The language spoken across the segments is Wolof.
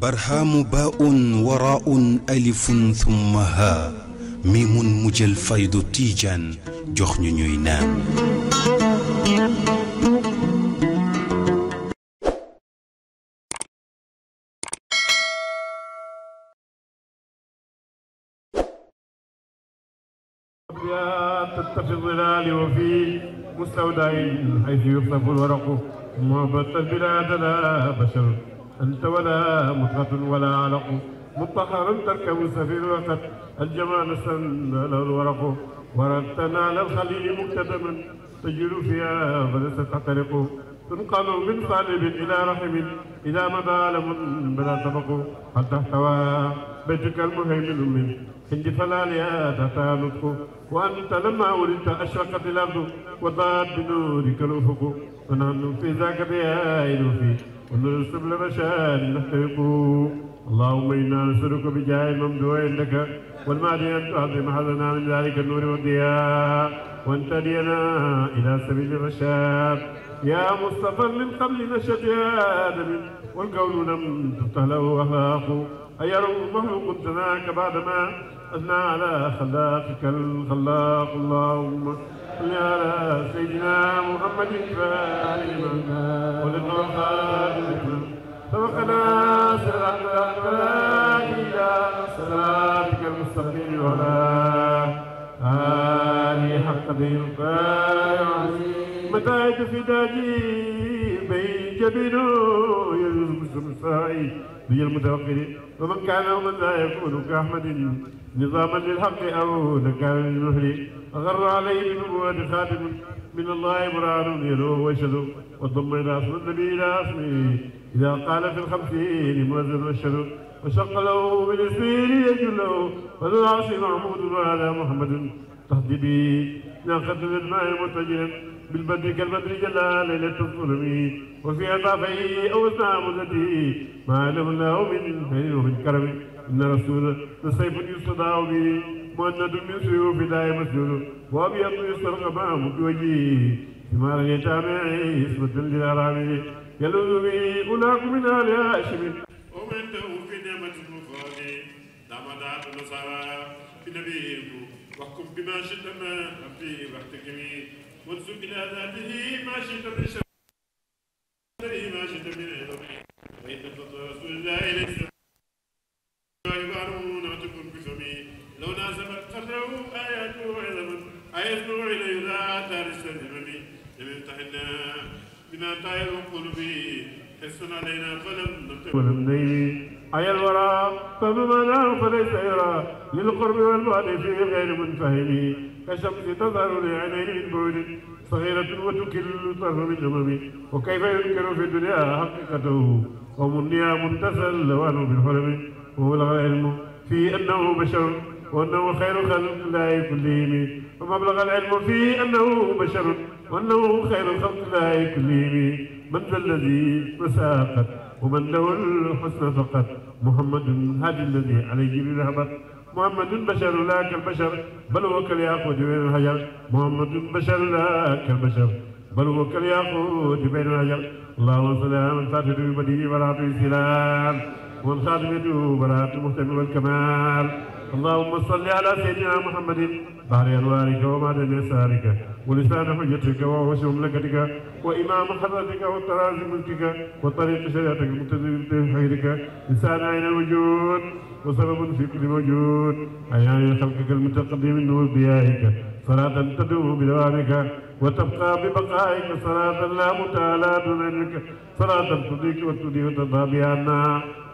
برهام باء وراء ألف ثم ها ميم مجل فيض تيجا جخن نينام نام الظلال وفي مستودع حيث يخطف الورق ما البلاد لا بشر أنت ولا مطرة ولا علق مطهر تركب السفير وقد الجمال سندل الورق وردتنا على الخليل مكتدما تجر فيها فلست تحترق تنقل من صالب إلى رحم إذا مدى لم بلا طبق حتى احتوى بيتك المهيمن من عند فلاليا تحتها نطق وأنت لما ولدت أشرقت الأرض وضاءت بنورك الأفق ونحن في ذاك بيائل في ونرسل قبل مشاري اللهم إنا نسلك بجاه الممدوح عندك والمعدي أن تعظم حظنا من ذلك النور والضياء وأن إلى سبيل الرشاد يا مصطفى من قبل يا آدم والكون لم تفتح له أخلاقه أيروا مخلوق قدناك بعدما أثنى على خلاقك الخلاق اللهم صل على سيدنا محمد الفاتح لما ولد الخاتم سبقنا سرعة الأحباب إلى صراطك المستقيم وعلى آله حق به القائم متى تفداجي بين جبل يلزم سمسائي بي المتوكل ومن كان ومن لا يكون كأحمد نظاما للحق أو نكال المهري أغر عليه من بواد خادم من الله برهان يلوه ويشهد وضم إلى أصل النبي إلى أصله إذا قال في الخمسين منزل ويشهد وشق له بالإسمين يجل له فذو العرش محمود وعلى محمد تهدبي ناقة الماء مرتجلا بالبدر كالبدر جلا ليلة الظلم وفي أطافه أو أسنام التي ما له الله من خير ومن كرم إن رسول نصيب يصدع به مهند يسري في داء مسجد وأبيض يسرق معه بوجهه ثمار اليتامى حسبة للأرامل يلوذ به أولاك من آل هاشم ومن له في نعمة المفرد نعم دامدات النصارى بنبيهم واحكم بما شئت ما أبدي واحتكمي وانسوك إلى ذاته ما شئت من شر ما شئت من عظمه وإن فضل رسول الله ليس يسمع إليه ذات رسالة لم يفتحنا بما طائر قلوبي حس علينا فلم نطق ولم نيل أي الورى فبمناه فليس يرى للقرب والبعد فيه غير منفهم كشمس تظهر لعينيه من بعد صغيرة وتكل طرف من أمم وكيف ينكر في الدنيا حقيقته قوم نيام تسل لوانه بالحلم وبلغ العلم في أنه بشر وأنه خير خلق الله كلهم ومبلغ العلم فيه أنه بشر وأنه خير الخلق الله كلهم من ذا الذي مساقت ومن له الحسن فقط محمد هذا الذي عليه بالرحمة محمد بشر لا كالبشر بل هو كالياقوت بين الحجر محمد بشر لا كالبشر بل هو كالياقوت بين الحجر اللهم صل على من فاتته البديع والعبد السلام والخاتمة براءة المحتمل والكمال اللهم صل على سيدنا محمد بحر أنوارك ومعدن يسارك ولسان حجتك ووسع مملكتك وإمام حضرتك وطراز ملكك وطريق شريعتك المقتدر بخيرك لسان عين الوجود وسبب في كل موجود أيان خلقك المتقدم النور بيائك صلاة تدوم بدوامك وتبقى ببقائك صلاة لا متالاة منك صلاة تضيك وتدي وترضى بها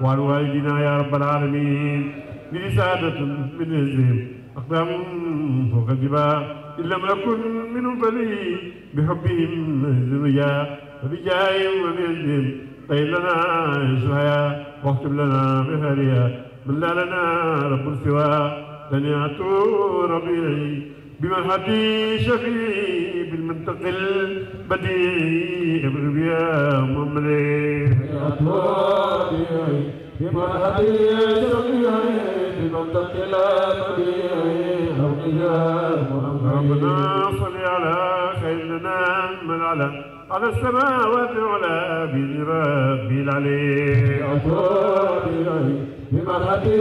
والدنا يا رب العالمين بإسادة من هزهم أقدام فوق الجبال إن لم أكن منهم فلي بحبهم ذريا وبجاههم وبهزهم طيب لنا شهيا واكتب لنا بهريا بل لنا رب سوى سمعت ربي بمهدي شفيعي بالمنطق البديع يا مملي يا طبيعي بمهدي شفيعي بالمنطق البديع يا ربنا صل على خيرنا من على على السماوات العلى بن ربي العلي يا طبيعي بمهدي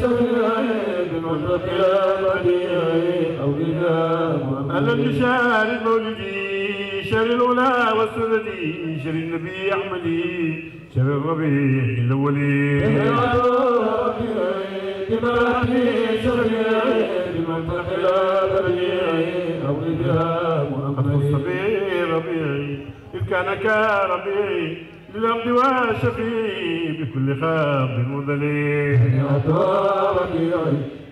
شفيعي بالمنطق البديع هلا لشهر مولدي شهر الأولى والسندي شهر النبي أحمدي شهر الربيع الأولي ربيعي ربيعي إذ كان كربيعي للعبد وشفيعي بكل خاب مدلي يا ربيعي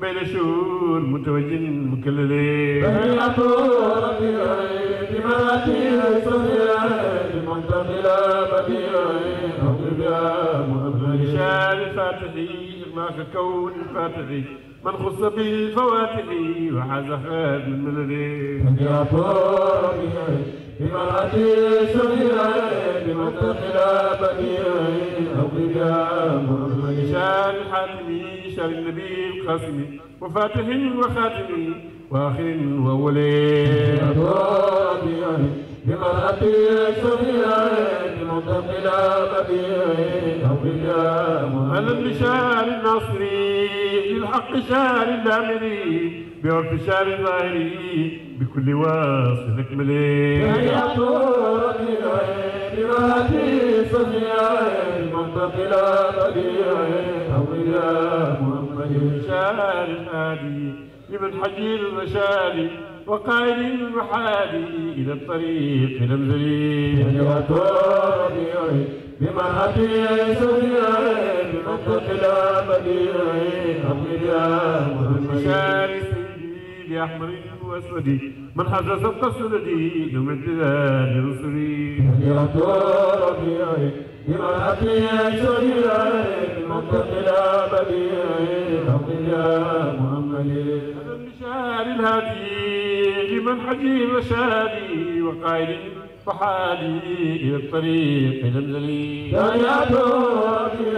بين شهور متوجن مكللين بين أطول بمناتير صغيرة منتقلة بديرة الفاتحي إغلاق الكون الفاتحي من خص به فواتحي وحاز خاد من ملدي بين أطول بمناتير صغيرة بديرة الحاتمي Şerif Nebi Kasimi وفاتح وخاتم واخر وولي بمن أتي سميعه بمنتقل بديعه أولياء أنا بشار الناصري للحق شار الآمري بعرف شار الظاهري بكل واصل اكملي يا بما أتي سميعه بمنتقل بديعه أولياء محمد شار الآدي لمن حي المشالي وقائل المحالي إلى الطريق يا بما أتي أمي يا بأحمر وأسود من حز سبق سندي كمتدان رسلي خيرة ربيعي بمرأتي سريرة منتقل بديعي فوق يا محمد هذا المشاعر الهادي لمن حجي مشاري وقائل صحابي إلى الطريق المزلي دنيا في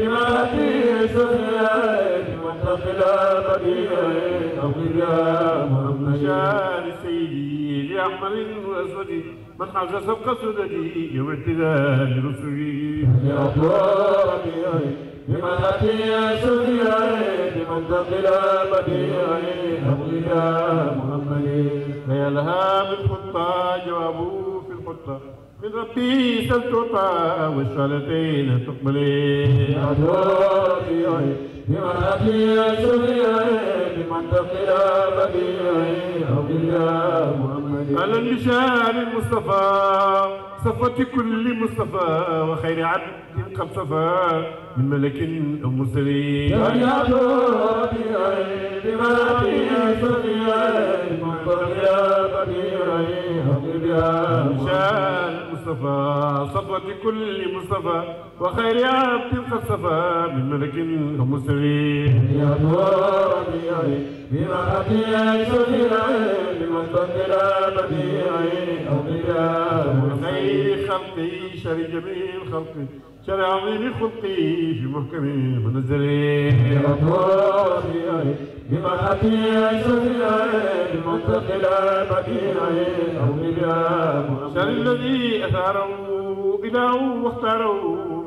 يا ما في سهل منتقلة بديعة توقيت يا محمد شان سيدي لأحمر وأسود من حاجة سبق سددي يوم اعتدال رسلي يا طريق بمن أتي سديا بمن دخل بديعي أولياء محمد من خطى جوابه القدس من ربي سلطة والشهادتين تقبلي أدواتي بمن أبي سوريا بمن تقيا بديعي أولياء أهلا بشان المصطفى صفة كل مصطفى وخير عبد قد صفى من ملك أو مرسلين يا بديعي بمن أبي سوريا بمن تقيا بديعي يا مشان مصطفى صفوة كل مصطفى وخير عبد قد من ملك ومسلم يا نور بديعي بما أتي شفيعي بمن تنزل بديعي أو خير خلقي شر جميل خلقي شر عظيم خلقي في محكم منزلي بأطوافي بمحتي سفينة بالمنتقلة مدينة أو بها الذي أثاره إله واختاره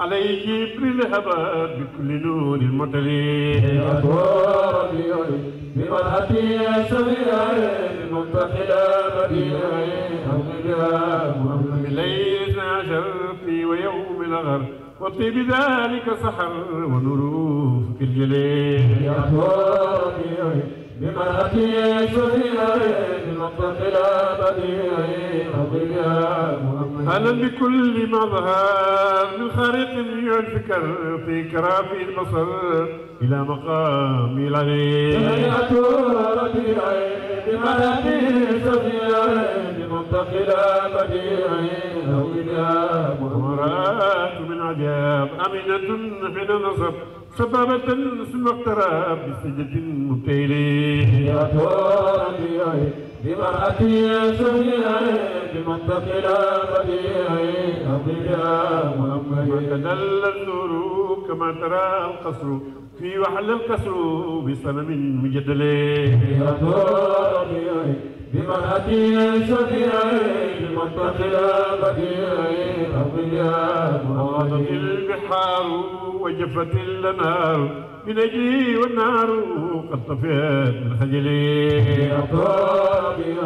علي ابن الهباء بكل نور المطري أدوار بيوني بمن أتي سبيعي بمنتحلة مديني إلينا شرفي ويوم الغر وطيب ذلك سحر ونروف كل جليل أدوار بيوني بمأتي سبيلي بمقتل بديعي أهلا بكل مظهر من خريق الفكر في كرافي البصر إلى مقام العلي سمعت رديعي بمأتي سبيلي بمقتل بديعي أو إلى مرات من عجاب أمنة حين نصب شبابة ثم اقترى بسجدة متيلي يا توربي بمرأتي سميعي بمنطق لا بديعي أبي يا محمد وتدلى النور كما ترى القصر في وحل الكسر بصنم مجدلي يا توربي بمناتين شفيعين منتقلا بديعين أبياء مرادت البحار وجفت النار من أجلي والنار قد طفئت من خجلي أطرابي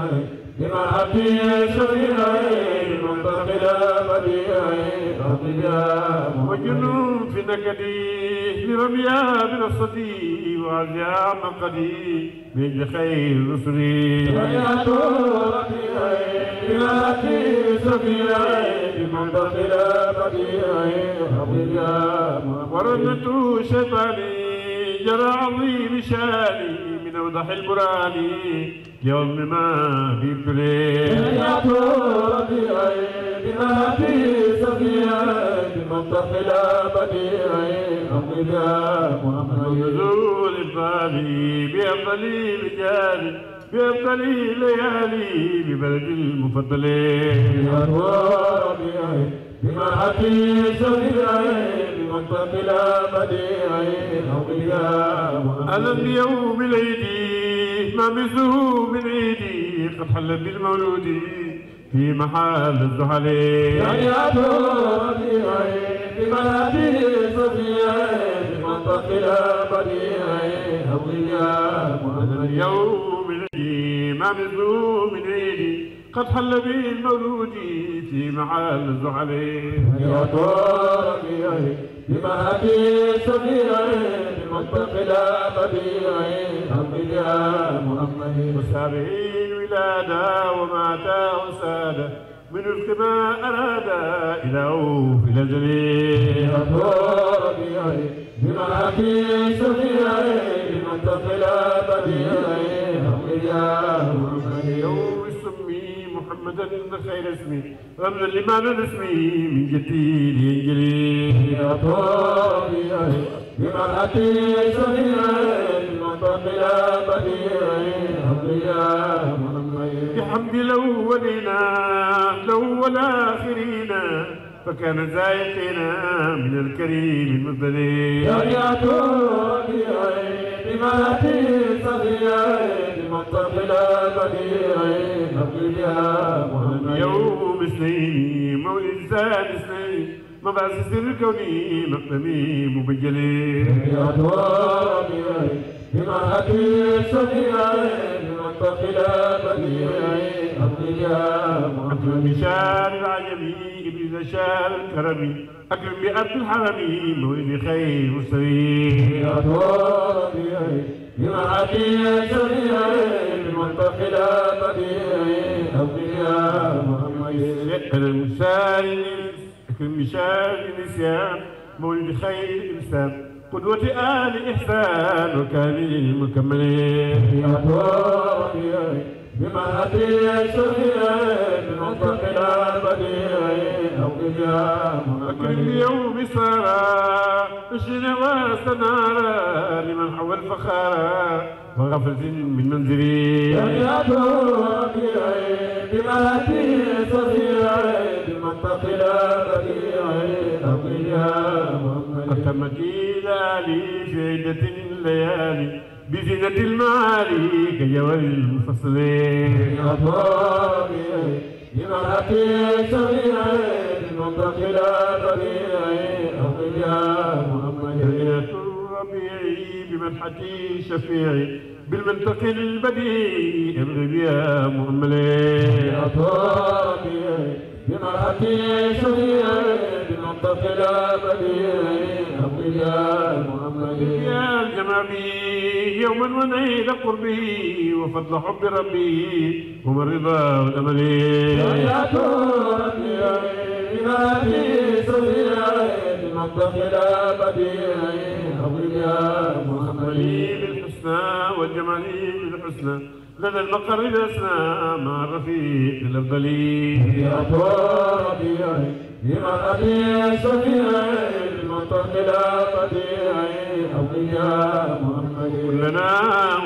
بما أبي سريعي منتقل بديعي أطبيا وجنون في نكدي برميا برصدي وعزيا مقدي بخير رسلي رميات رقيعي بما أبي سريعي بمنتقل بديعي أطبيا ورنة شيطاني جرى عظيم شاني بنوضح المراني يوم ما بيبري بما في سفيا بمنطق لا بديع أمرنا محمد نزول البالي بأفضل رجالي بأفضل ليالي ببلد يا بأنوار بأعين بمن حكي سفيعي بمن تبلا بديعي أولياء ألم يوم العيد ما مثله من عيدي قد حل بالمولود في محل الزحلي يعني بديعي بمن حكي سفيعي بمن تبلا بديعي أولياء ألم يوم العيد ما مثله من عيدي قد حل بي المولود في معال زعلي يا طارقي بمهدي صغيري بمنطق لا طبيعي حمد يا مؤمن وسابعين ولادا وماتا وسادا من رزق ما أراد إله في الأجل يا في بمهدي صغيري بمنطق لا طبيعي حمد يا بدل المسعير اسمي رمز لما من اسمي من جديد ينجلي يا طوبي بما أتي سميرين من طبل بديرين حمد يا محمد بحمد الأولين والآخرين فكان زايقنا من الكريم المبدلين يا يا طوبي ماتي صغير مطلب لا بديعي نقل يا محمد يوم سنين موزان سنين مبعث السر الكوني مقدمي مبجلي يا دوار بمن أتي سبيلا بمن بخلا بديعا أبني يا محمد بشار العجمي ابن شار الكرمي أكرم بأبد الحرمي موين خير مستوي أدوار بمن أتي سبيلا بمن بخلا بديعا أبني يا محمد المسال أكرم بشار النسيان مولد خير الإنسان قدوة آل إحسان كريم كملين يا ربي بما أتيت سبيل بنطق يوم سارى بشر واستنارى لمن حول فخارا وغفلة من منزلي يا ربي بما أتيت سبيل بنطق البديع أو تمت إلالي في عدة الليالي بزينة المال كجوال المفصل لمرأتي سميعة لمنطق خلافة أقل يا محمد ربيعي بمنحتي شفيعي بالمنطق البديع ابغي يا يا أطرابي يا بمرأتي سرير بمنطق الأبدي أبدي يا محمد يا الجمامي يوما ونيل قربي وفضل حب ربي هو الرضا والأمل يا ربي بمرأتي سرير بمنطق الأبدي أبدي يا محمد بالحسنى والجمال بالحسنى لدى المقر جلسنا مع الرفيق الأفضلي في أطوار ربيعي بما أبي سفيعي المنطق لا بديعي أولياء محمد لنا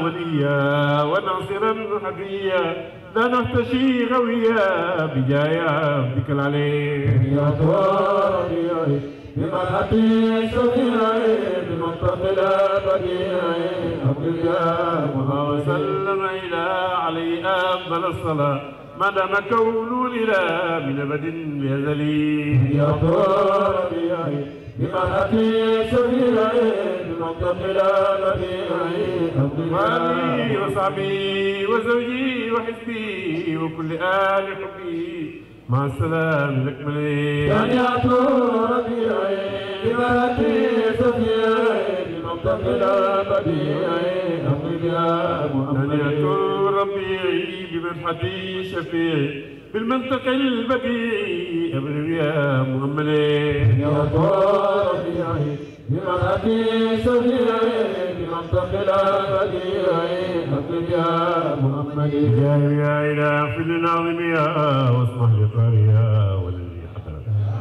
وليا وناصرا حبيا لا نحتشي غويا بجاي عبدك العلي في أطوار ربيعي بمرحتي سميعي بمنطق لا بديعي عبد الله وسلم إلى علي أفضل الصلاة ما دام كون لنا من أبد بهزلي يا ربي بمرحتي سميعي بمنطق لا بديعي عبد الله وصحبي وزوجي وحزبي وكل آل حبي مع السلامة لكملي دنيا ربيعي بمراتي صفيعي بمنطق الأبديعي أمري يا محمد دنيا ربيعي بمنحتي شفيعي بالمنطق البديعي أمري يا محمد دنيا ربيعي بمن أتي سبيعي بمن تقل بديعي أقل يا محمد يا يا إلى في الناظمية واصلح لقاريا وللي حضر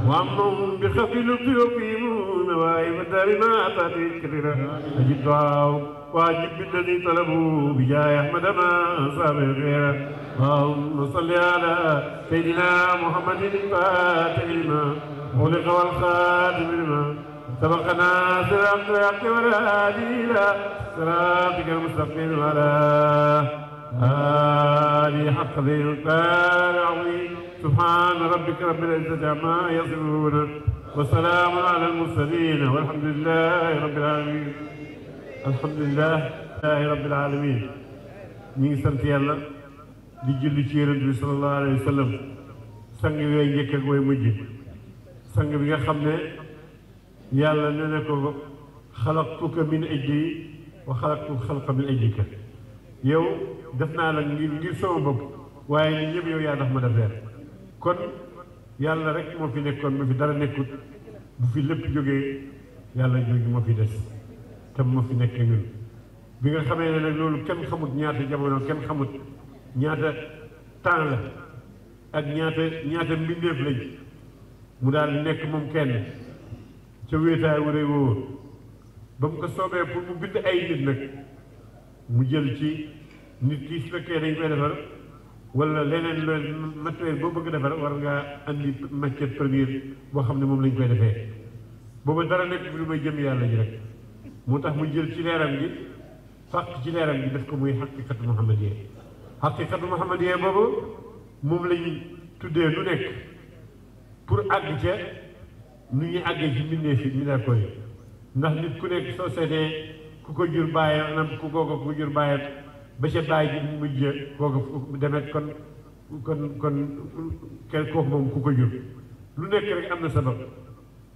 وأمنهم بخفل تيقيمون نوائب دارنا أتاتي كثيرا أجد دعاهم واجب بالذي طلبوا بجاه أحمد ما سابق غيره اللهم صل على سيدنا محمد الفاتح لما خلق والخاتم لما سبقنا صراط والهادي هديلا صراطك المستقبل ولا هادي حق ذي القرآن سبحان ربك رب العزة عما يصفون وسلام على المرسلين والحمد لله رب العالمين الحمد لله رب العالمين من سنت يلا yàlla di julli ci yonent bi sallallahu alayhi wa sallam sang yooyu njëkk ak way يلا ننك خلقتك من اجلي وخلقت الخلق من اجلك يو دفنا لك غير غير سو بوب واي نيب يو يا داف ما دير كون يلا رك مو في نيكون مو في دار نيكوت بو في لب جوغي يلا جوغي مو في ديس تم مو في نيك نيول بيغا خامي لا نك لول كين خموت نياتا جابونو كين خموت نياتا تان لا اك نياتا نياتا مينديف لاج مو دال نيك موم كين ca wéetaay wu rëy woowu ba mu ko soobee pour mu bind ay nit nag mu jël ci nit ki su fekkee dañ koy defar wala leneen loolu matériel boo bëgg defar war ngaa andi matière première boo xam ne moom lañ koy defee boobu dara nekk bi lu jëm yàlla ji rek moo tax mu jël ci leeram gi fàq ci leeram gi def ko muy xaqiqatu muhammadiya xaqiqatu muhammadiya boobu moom lañ tuddee lu nekk pour àgg ca nu ñuy àggee ci mbindeef yi mi ne koy ndax nit ku nekk soo seetee ku ko jur bàyyam nam ku kooka ku jur bàyyam ba ca bàyyi ji mujj kooka fu demet kon kon kon kooku moom ku ko jur lu nekk rek am na sabab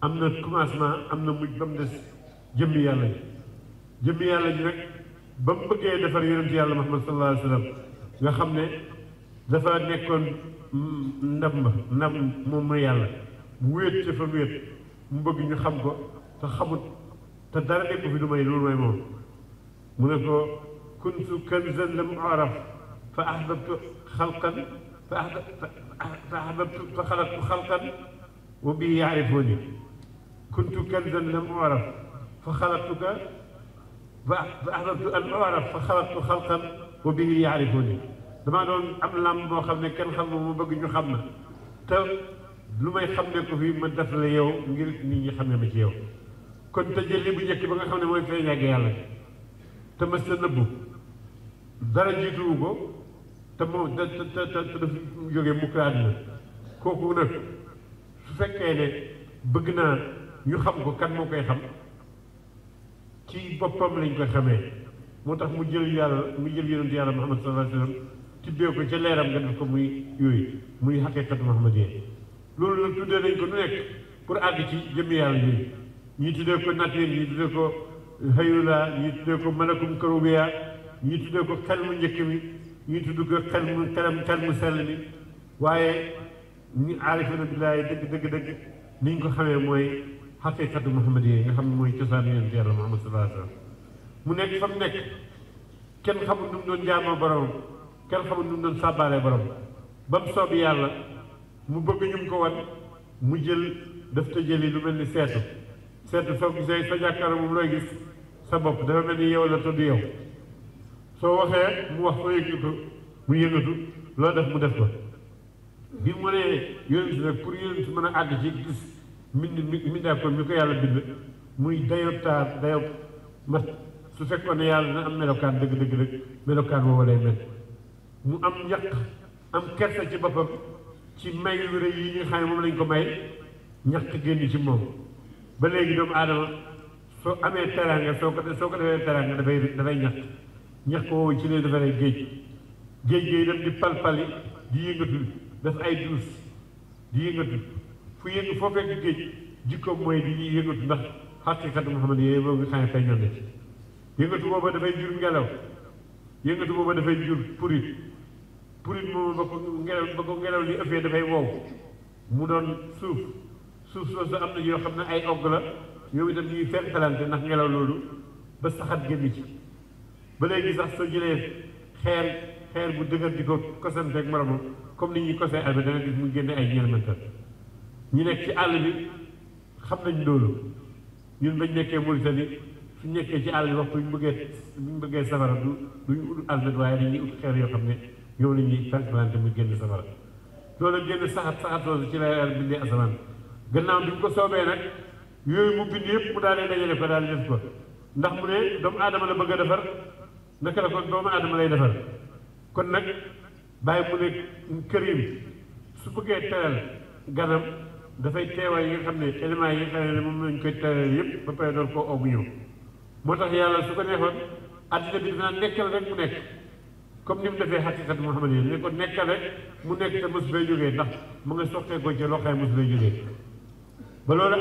am na commencement am na mujj ba mu des jëmmi yàlla ji jëmmi yàlla ji rek ba mu bëggee defar yonent yàlla Muhammad sallallahu alayhi wa nga xam ne dafa nekkoon ndam ba ndam moom mooy yàlla mu wéet dafa wéet mu bëgg ñu xam ko te xamut te dara nekk fi lu may loolu may moom mu ne ko kuntu kanzan lam araf fa ahbabtu xalqan fa ahbabtu fa xalaqtu xalqan wa bi yaarifuni kuntu kanzan lam araf fa xalaqtuka fa ahbabtu an araf fa xalaqtu xalqan wa bi yaarifuni damaa doon am lam boo xam ne kenn xam ma mu bëgg ñu xam na te lu may xam ko fi ma def la yow ngir nit ñi xam ma ci yow kon ta tëjëli bu ñëk ba nga xam moy feñ ak yalla te ma sa nëbbu dara jiituwu ko te moom te te te te daf jógee mukk àdduna kooku na su fekkee ne bëgg na ñu xam ko kan mo koy xam ci bopam lañ ko xamé motax mu jël yalla mu jël yonent yalla Muhammad sallallahu alayhi wasallam sallam tibbee ko ca leeram gën ko muy yoy muy haqiqatu Muhammadiyya loolu nag tuddee nañ ko nu nekk pour àgg ci jëmm yàlla ji ñii tuddee ko natir ñii tuddee ko xayula ñii tuddee ko malakum karubiya ñii tuddee ko xel mu njëkk mi ñii tudd ko xel mu mu sell mi waaye ñu aarifana billaahi dëgg dëgg dëgg ni ko xamee mooy xaqiqatu muhammad yi xam ne mooy cosaan yonent yàlla muhammad sallallahu alayhi wa mu nekk fa mu nekk kenn xamul nu mu doon jaamoo borom kenn xamul nu mu doon sàbbaale borom ba mu soobi yàlla mu bëgg ñu ko wan mu jël daf ta jëli lu mel ni seetu seetu soo gisee sa jàkkaar moom looy gis sa bopp dafa mel ni yow la tudd yow soo waxee mu wax soo yëngatu mu yëngatu loo def mu def ko bi mu ne yonent nag pour yonent mën àgg ci gis mbind ko mi yàlla bind muy dayob taar mat su fekkoon ne yàlla na am melokaan dëgg dëgg dëgg melokaan woowu lay mel mu am ñaq am kersa ci boppam ci may yu yi nga xam moom lañ ko may ñax génn ci moom ba léegi doomu aadama soo amee teraanga soo ko soo ko defee teraanga dafay dafay ñax ñax ko woowu ci lay defaree géej géej géej dem di palpali di yëngatu def ay duus di yëngatu fu yëngu foo fekk géej jikkoom mooy di ñuy yëngatu ndax xaqiqatu Muhammad yooyu boobu nga xam ne dafay jur ngelaw yëngatu booba dafay jur purit pour purit moomu ba ko ngelaw ba ko ngelaw li ëppee dafay wow mu doon suuf suuf soosu am na yoo xam ne ay ogg la yow itam ñuy fenkalante ndax ngelaw loolu ba saxat génn ci ba léegi sax sa jëlee xeer xeer bu dëgër di ko kosante ak moromam comme li ñuy kose alba dana gis mu génne ay ñeelmantal ñu nekk ci àll bi xam nañ loolu ñun bañ nekkee Mauritanie su nekkee ci àll bi waxtu bu ñu bëggee bu ñu bëggee safara du duñu ut almet waaye dañuy ut xeer yow la ñuy calculante mu génn safara loolu génn saxat saxat loolu ci la yàlla bindee asamaan gannaaw bi mu ko soobee nag yooyu mu bind yëpp mu daal di dajale ko daal di ko ndax mu ne doomu aadama la bëgg a defar naka la ko doomu aadama lay defar kon nag bàyyi mu ne kërim su bëggee teral ganam dafay teewaay yi nga xam ne éléments yi nga xam ne moom lañ koy teral yëpp ba pare doon koo oo bu ñëw moo tax yàlla su ko neexoon àddina bi dina nekkal rek mu nekk comme ni mu defee xaqiqat Muhammad yi ni ko nekkale mu nekk te mos bay jógee ndax mu nga soqee ko ci loxoy mos bay jógee ba loolu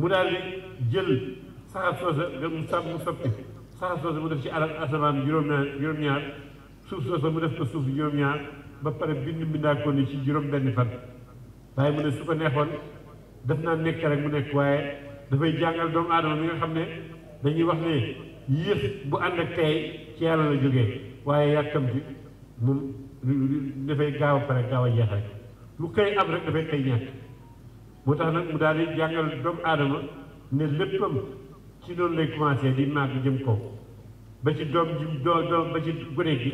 mu daal jël saxar soosa mu sàmm mu soppi saxar soosa mu def ci alal asamaan juróom-ñaar juróom-ñaar suuf soosa mu def ko suuf juróom-ñaar ba pare bind mbindaa ko ni ci juróom benn fan waaye mu ne su ko neexoon daf naa nekk rek mu nekk waaye dafay jàngal doomu aadama mi nga xam ne dañuy wax ne yéex bu ànd ak tey ci yàlla la jógee waaye yàkkamti moom dafay gaaw a pare gaaw a jeex rek lu koy am rek dafay koy ñàkk moo tax nag mu daal di jàngal doomu aadama ne léppam ci noonu lay commencé di màgg jëm kaw ba ci doom ji doo doom ba ci gone gi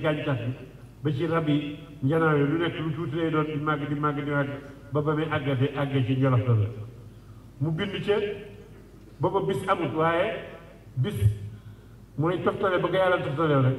gàncax bi ba ci rab yi njanaaw yi lu nekk lu tuuti lay doon di màgg di màgg di màgg ba ba muy àggate àgge ci njolof la mu bind ca booba bis amut waaye bis mooy toftale ba nga yàlla toftaleel rek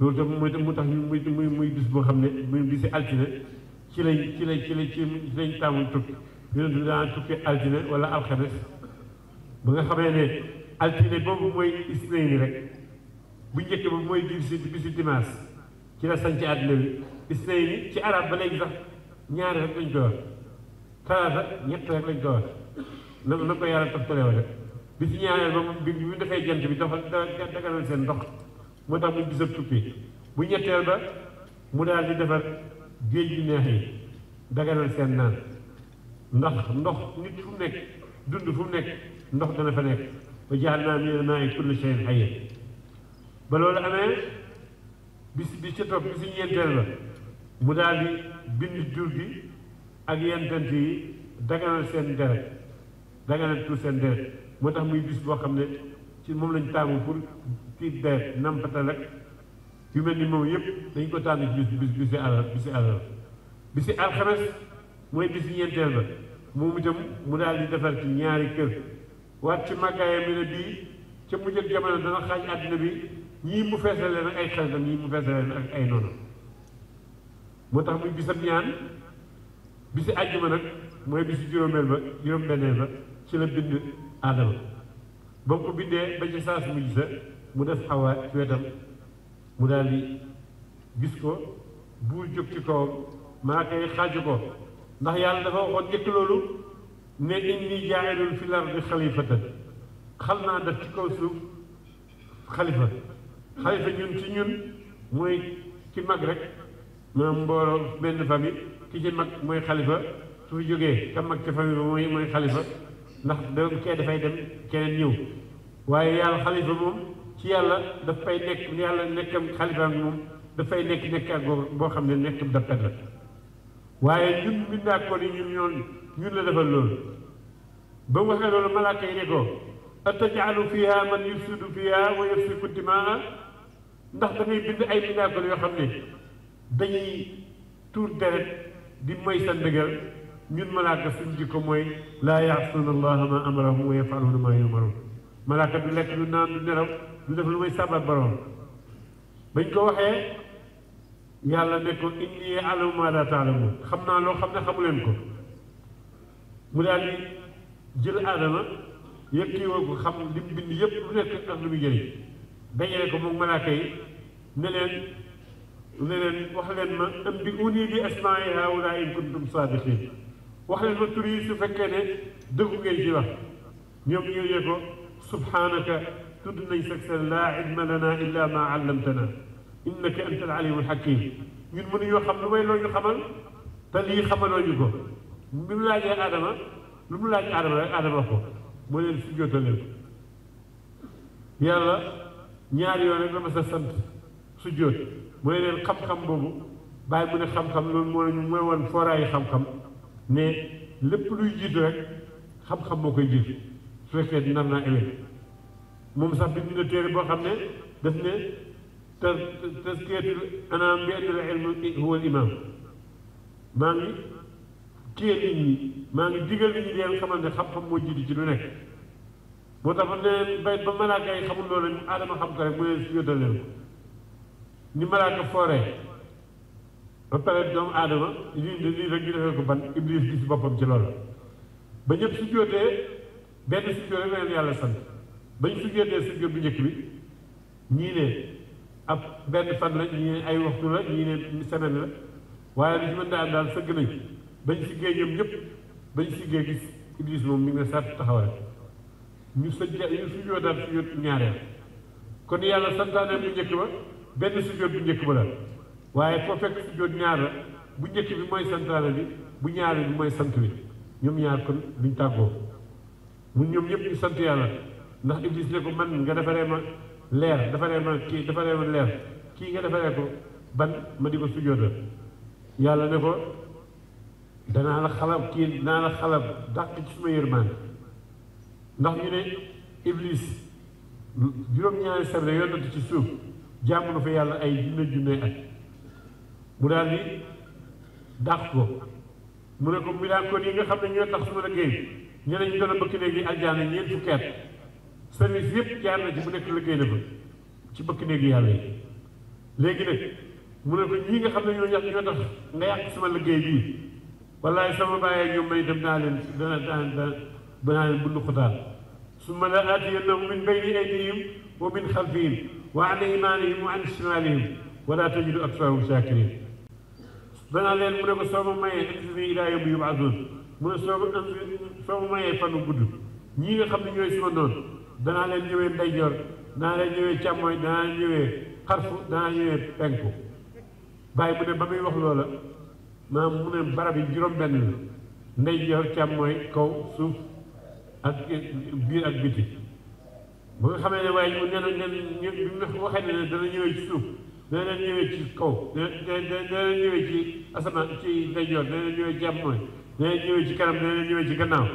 loolu tam mooy mu tax muy muy muy bis boo xam ne muy bisi altine ci lañ ci lañ ci lañ ci lañ taamu tukki yonent bi tukki altine wala alxames bu nga xamee ne altine boobu mooy isnayni rek bu njëkk ba mooy biir si bisi dimanche ci la sañ ci àddina bi isnayni ci arab ba léegi sax ñaari rek lañ ko wax talaata ñett rek lañ na ko yàlla taf talewo rek bi si ñaareel ba bi bi mu defee jant bi dafa daganal seen ndox moo tax muy gisab tukki bu ñetteel ba mu daal di defar géej gi neex yi daganal seen naan ndax ndox nit fu mu nekk dund fu mu nekk ndox dana fa nekk wa jaalnaa minal maa'i kulla shay'in hayy ba loolu amee bis bi ca topp bi si ñeenteel ba mu daal di bind jur gi ak yentant yi daganal seen deret daganal tuur seen deret moo tax muy bis boo xam ne ci moom lañ taamu pour tiit deret nampatal ak yu mel ni moom yëpp dañ ko tànn bis bis bisi alal bisi alal bisi alxames mooy bisi ñeenteel ba mu itam mu daal di defar ci ñaari kër waat ci màggaayam mi ne bii ca mu jël jamono dana xaaj àddina bi ñii mu feesal leen ak ay xaritam ñii mu feesal ak ay noonu moo tax muy bisam ñaan bisi àjjuma nag mooy bisi juróomeel ba juróom-benneel ba ci la bind aadama ba mu ko bindee ba ci saas mujj sa mu def xawaa ci wetam mu daal di gis ko buur jóg ci kawam maa koy xaaju ko ndax yàlla dafa waxoon njëkk loolu ne inni jaa'ilun fil ardi xalifatan xal naa def ci kaw suuf xalifa xalifa ñun ci ñun mooy ci mag rek maanaam mbooloo benn fami ki ci mag mooy xalifa su fi jógee ka mag ci famille ba mooy mooy xalifa ndax da kee dafay dem keneen ñëw waaye yàlla xalifa moom ci yàlla daf fay nekk yàlla nekkam xalifa ak moom dafay nekk nekk ak boo xam ne nekkam dafet la waaye ñun mi d'accord yi ñun ñoon ñun la defal loolu ba mu waxee loolu malaaka yi ne ko atajalu fiha man yufsidu fiha wa yasfiku dimaa ndax dafay bind ay minaakol yoo xam ne dañuy tuur deret di moy sa ndëgal ñun malaaka suñ jikko mooy laa yaasuuna allaha ma amarahum wa yafaluuna ma yumaruun malaaka du lekk du naan du nelaw du def lu may sàbbat borom bañ ko waxee yàlla ne ko inni alamu maa laa taalamu xam naa loo xam ne xamuleen ko mu daal di jël aadama yëkkiwoo ko xam li mu bind yëpp lu nekk ak lu muy jëriñ dajale ko moom malaaka yi ne leen ne leen wax leen ma ëmbi unii bi asmaai haawulaa in kuntum saadiqin wax leen ma tur yi su fekkee ne dëggu ngeen ci wax ñoom ñëwee ko سبحانك تد ليسك لا علم لنا إلا ما علمتنا إنك أنت العليم الحكيم ñun mënuñoo xam lu may loo ñu xamal te lii xamaloo ñu ko bi mu laajee Adama lu mu laaj Adama rek Adama ko moo leen si jootaleen yàlla ñaari yoon rek la ma sa sant su jóot mooy leen xam-xam boobu bàyyi mu ne xam-xam loolu moo ñu mooy woon fooraayu xam-xam ne lépp luy jiitu rek xam-xam moo koy jiitu fekkee di nar naa ëllëg moom sax bind na téere boo xam ne daf ne tas taskiyatul anaam bi anil ilm huwa imaam maa ngi téye nit maa ngi digal nit ñi di leen xamal ne xam-xam moo jiitu ci lu nekk moo tax ne bay ba malaaka xamul loolu aadama xam ko rek mu ne si leen ko ni malaaka fooree ba pare doomu aadama lii lii rek ñu defee ko ban iblis gis boppam ci loolu ba ñëpp su jootee Ben sukkër rek la yàlla Ben bañ sujjóotee sujjóot bu njëkk bi ñii ne ab ben fan la ñii ne ay waxtu la ñii ne semaine la waaye li ci mën daal daal sëgg nañ bañ siggee ñoom ñëpp bañ siggee gis Iblis moom mi ngi ne sàtt taxaw rek ñu sëjja ñu sujjóotaat sujjóot ñaareel kon yàlla santaane bu njëkk ba benn sujjóot bu njëkk ba la waaye foo fekk sujjóot ñaar la bu njëkk bi mooy santaane bu ñaareel bi mooy sant bi ñoom kon luñ mun ñoom ñëpp ñu sant yàlla ndax iblis ne ko man nga defaree ma leer defaree ma kii defaree ma leer kii nga defaree ko ban ma di ko sujjóotal yàlla ne ko danaa la xalab kii dinaa la xalab dàq ci suma yërmaan ndax ñu ne iblis juróom-ñaari serne yonent ci suuf jàmm na fa yàlla ay junne junne at mu daal di dàq ko mu ne ko mu daan ko yi nga xam ne ñoo tax suma liggéey ñu ne ñu doon bëkk néeg yi aljaana ñeent fukki at service yëpp jaar na ci bu nekk liggéey na fa ci bëkk néeg yi yàlla yi léegi nag mu ne ko ñii nga xam ne ñoo yàq ñoo tax nga yàq sama liggéey bii wallaay sama bàyyee ñoom may dem naa leen dana dana danaa leen bund xutaan summa la aatiyannahum min bayni aydihim wa min xalfihim wa an imaanihim wa an shimalihim wala tajidu aksarahum shakirin danaa leen mu ne ko soo ma mayee insini ilaa yawmi yub'athuun mu ne soo ma soo ma fanu gudd ñii nga xam ne ñooy suma noonu danaa leen ñëwee ndeyjoor danaa leen ñëwee càmmooñ danaa leen ñëwee xarfu danaa ñëwee penku bàyyi mu ne ba muy wax loola maam mu ne barab yi juróom-benn la ndeyjoor càmmooñ kaw suuf ak biir ak biti ba nga xamee ne waaye mu neen neen waxee ne ne dana ci suuf dana leen ñëwee ci kaw dana leen ñëwee ci asamaan ci ndeyjoor dana leen ñëwee càmmooñ dana ñëwee ci kanam dana ñëwee ci gannaaw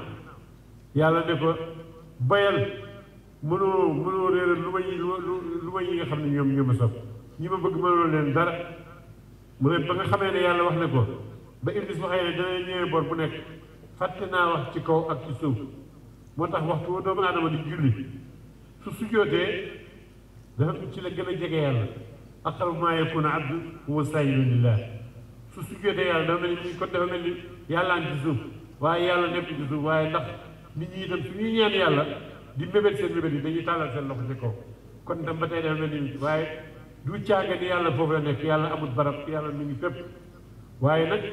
yàlla ne ko bayal mënoo mënoo réeral lu ma ñi lu ma ñi nga xam ne ñoom ñoo ma sopp ñi ma bëgg mënoo leen dara mu ne ba nga xamee ne yàlla wax ne ko ba iblis waxee ne dana ñëwee bor bu nekk fàtte naa wax ci kaw ak ci suuf moo tax waxtu wa doomu aadama di julli su sujjootee dafa ci la gën a jege yàlla aqrabu maa yakunu abdu huwa saajidun lillah su sujjootee yàlla dafa mel ni ko dafa mel yàllaan ci suuf waaye yàlla nekk ci suuf waaye ndax nit ñi itam su ñuy ñaan yàlla di mébét seen mébét yi dañuy tàllal seen loxo ci kaw kon dama ba tey dafa mel ni waaye du caaga yàlla foofu la nekk yàlla amul barab yàlla mi ngi fépp waaye nag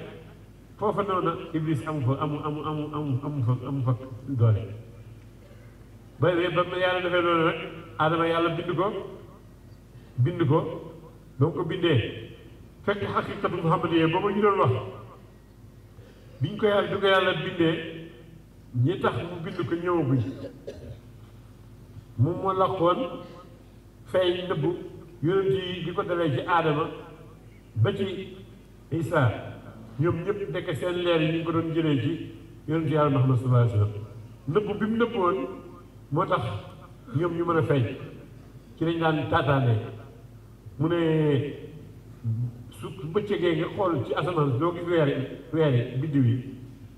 foofa noonu iblis amu fa amu amu amu amu amu fa amu fa doole ba ba yàlla defee noonu rek adama yàlla bind ko bind ko ba mu ko bindee fekk xaqiqatu muhammad yee booba ñu doon wax biñ ko yàlla bi ko yàlla bindee ñi tax mu bind ko ñëwaguñ moom moo laqoon fay nëbbu yonent yi di ko dalee ci aadama ba ci isaa ñoom ñëpp nekk seen leer yi ñu ko doon jëlee ci yonent yàlla Muhammad sallallahu alayhi wa sallam nëbbu bi mu nëbboon moo tax ñoom ñu mën a feeñ ci lañ daan taataane mu ne su bëccëgee nga xool ci asamaan doo gis weer yi weer yi biddiw yi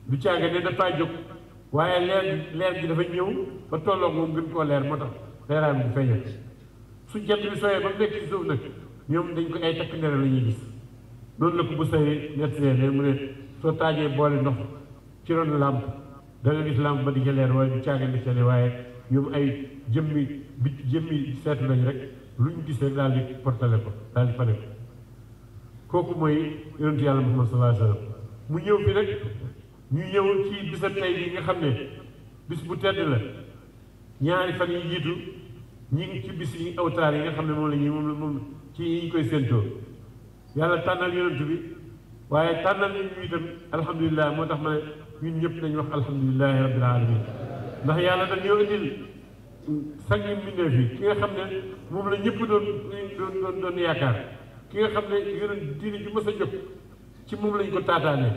du caaga ne dafaa jóg waaye leer leer gi dafa ñëw ba tolloog moom ngir koo leer moo tax leeraay bi du su jant bi sooyee ba nekk ñoom dañ ko ay takk ndere la ñuy gis noonu la ko mu ne soo taajee boole ndox ci ron làmp da nga gis làmp ba di ca leer waaye du caaga ne waaye ñoom ay jëmmi jëmmi seetu lañ rek luñ gis rek daal di portale ko daal di fane kooku mooy yonentu yàlla Muhammad sallallahu alayhi wasallam mu ñëw ñu ñëw ci bisa nga xam ne bis bu tedd la ñaari fan yi jiitu ñi ngi ci bis yi awtaar yi nga xam ne moom la ñuy moom la moom ci yi koy séentoo yàlla tànnal yonent bi waaye tànnal nañ ñu itam alhamdulilah moo tax ma ne ñun ñëpp nañ wax alhamdulilahi rabbil alamin ndax yàlla dañoo indil sangi mbindeef yi ki nga xam ne moom la ñëpp doon doon doon doon yaakaar ki nga xam ne yeneen diine ju mës a jóg ci moom lañ ko taataane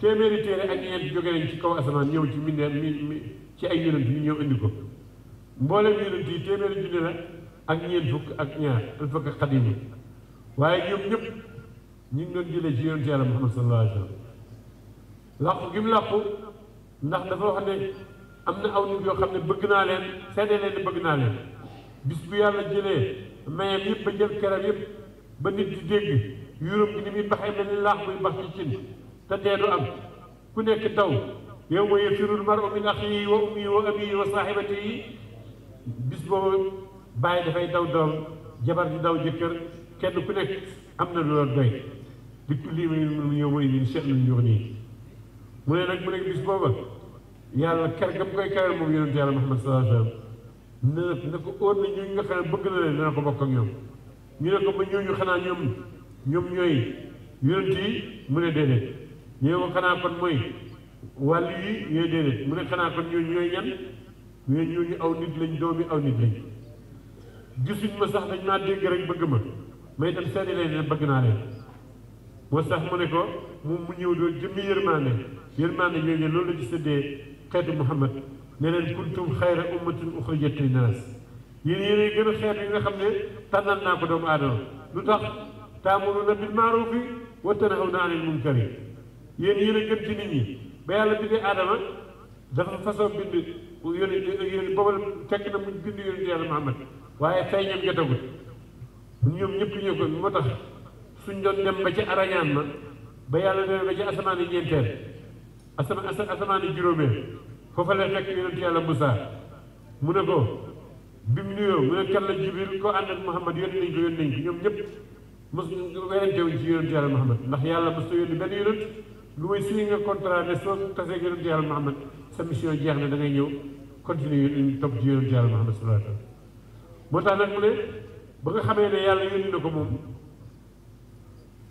téeméeri téere ak ñeent jóge nañ ci kaw asamaan ñëw ci mindeer mi mi ci ay yeneen ñu ñëw indi ko mboolem yeneen yi téeméeri junne la ak ñeent fukk ak ñaar al fukk ak waaye ñoom ñëpp ñu ngi doon jëlee ci yonent yàlla Muhammad sallallahu alayhi wa sallam làqu gi mu làqu ndax dafa wax ne am na aw nit yoo xam ne bëgg naa leen seede leen ne bëgg naa leen bis bu yàlla jëlee mayam yëpp ba jël keram y ba nit di dégg yuróom gi ni muy baxee mel ni laax buy bax ci cin te dee am ku nekk daw yawma yafirul mar'u min axiihi wa ummihi wa abiihi wa saahibatihi bis boobu bàyyi dafay daw doom jabar di daw jëkkër kenn ku nekk am na loolu li di kulli mu yow mooy lin seetlu ñu wax nii mu ne nag mu ne bis booba yàlla ker gam koy keral moom yonente yàlla Muhammad sallallahu alayhi wa sallam ne na ko óor na ñu nga xam ne bëgg na leen dana ko bokk ak ñoom ñu ne ko ba ñooñu xanaa ñoom ñoom ñooy yonent yi mu ne déedéet ñu ne ko xanaa kon mooy wàllu yi ñooy déedéet mu ne xanaa kon ñooñu ñooy ñan ñu ne aw nit lañ doomi aw nit lañ gisuñ ma sax dañ maa dégg rek bëgg ma may itam seeni lay ne bëgg naa leen moo sax mu ne ko moom mu ñëw doon jëmmi yërmaande yërmaande ñooñu loolu la ci séddee xeetu Muhammad ne leen kuntum xayra ummatin uxrijat linnaas yéen yéen gën a xeet yi nga xam ne tànnal naa ko doomu aadama lu tax taamuruna bil maarufi wa tanhawna anil munkari yéen yéen a gën ci nit ñi ba yàlla bindee aadama dafa façon bind yónni yónni fekk na mu bind yónni yàlla Muhammad waaye suñ doon dem ba ci arañaan ma ba yàlla demee ba ci asamaan yi ñeenteel asamaan asamaan yi juróomeel foofa la fekk yonent yàlla Moussa mu ne ko bi mu nuyoo mu ne kàlla jibril ko ànd ak Muhammad yónni nañ ko yónni nañ ko ñoom ñëpp mos werante wuñ ci yónni yàlla Muhammad ndax yàlla mos yónni benn yónni lu muy signé nga contrat ne soo tasee yónni yàlla Muhammad sa mission jeex na da ngay ñëw continuer yónni topp ci yónni yàlla Muhammad sallallahu alayhi wa sallam moo tax nag mu ne ba nga xamee ne yàlla yónni na ko moom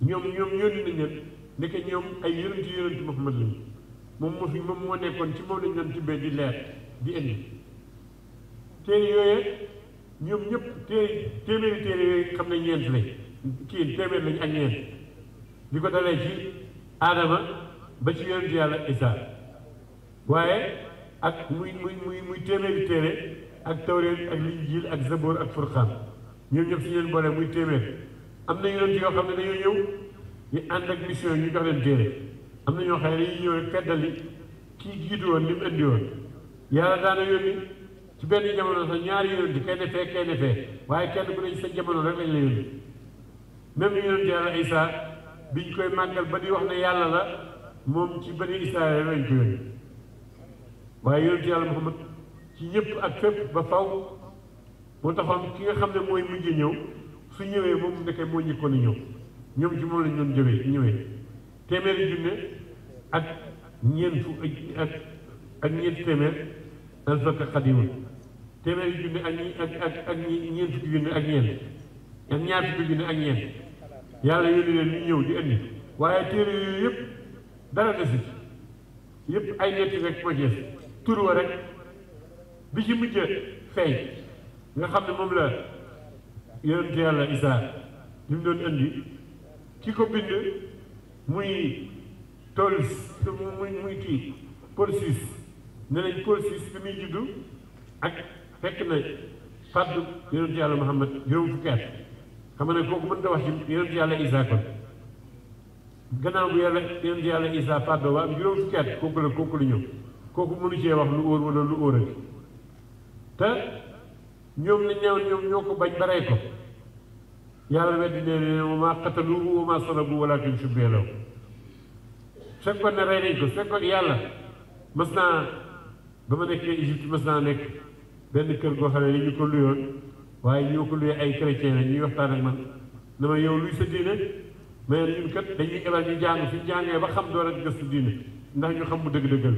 ñoom ñoom yónni nañ leen nekk ñoom ay yónni yónni Muhammad lañ moom moo fi moom moo nekkoon ci moom lañ doon tibbee di leer di indi. téere yooyee ñoom ñëpp téere téere yooyu xam ne ñeent lañ kii téeméer lañ ak ñeent di ko dalee ci aadama ba ci yonent yàlla isa waaye ak muy muy muy muy téeméeri téere ak tawréet ak linjiil ak zabóor ak furqaan ñoom ñëpp si leen boole muy téeméer am na yonent yoo xam ne dañoo am na ñoo xam ne dañuy kii jiitu woon li indi woon yàlla daana yónni ci benn jamono sax ñaari yonent kenn fee kenn fee waaye kenn ku ne ci sa jamono rek lañ la yónni même yonent yàlla Isa biñ koy màggal ba di wax ne yàlla la moom ci bani Israël lañ ko yónni waaye yonent yàlla Muhammad ci ñëpp ak fépp ba faw moo taxoon ki nga xam ne mooy mujj ñëw su ñëwee moom ndeke moo ñëkkoon a ñëw ñoom ci moom lañ doon jëwee ñëwee téeméeri junne ak ñeent fu ak ak ñeent téeméer alfaka xadimun téeméeri junni ak ak ak ak ñeent ak ñeent ak ñaar fukki ak ñeent yàlla yónni leen ñu ñëw di andi waaye téere yooyu yëpp dara desit yëpp ay netti rek moo jeex rek bi ci mujj feeñ nga xam ne moom la yonente yàlla Isaa li mu doon andi ki ko bind muy tool muy muy kii Polsis ne nañ Polsis bi muy juddu ak fekk na fàddu yonent yàlla Muhammad juróom fukki at xam nga ne kooku mën nga wax ci yonent yàlla Isa kon bu yàlla yonent yàlla Isa fàddoo ba am juróom fukki at kooku la kooku la ñëw kooku mënu cee wax lu óor wala lu óor ak te ñoom la ñëw ñoom ñoo yàlla weddi ne ne wa maa qataluuhu wa maa salabuuhu walaakin shubbiha lahum fekkoon ne rey ko fekkoon yàlla mas naa ba ma nekkee Égypte mas naa nekk benn kër goo xam ne ñu ko luyoon waaye ñoo ko luyee ay chrétien la ñuy waxtaan ak man na ma yow luy sa diine mais ñun kat dañuy ebal ñu jàng fi jàngee ba xam door ak gëstu diine ndax ñu xam mu dëgg-dëggal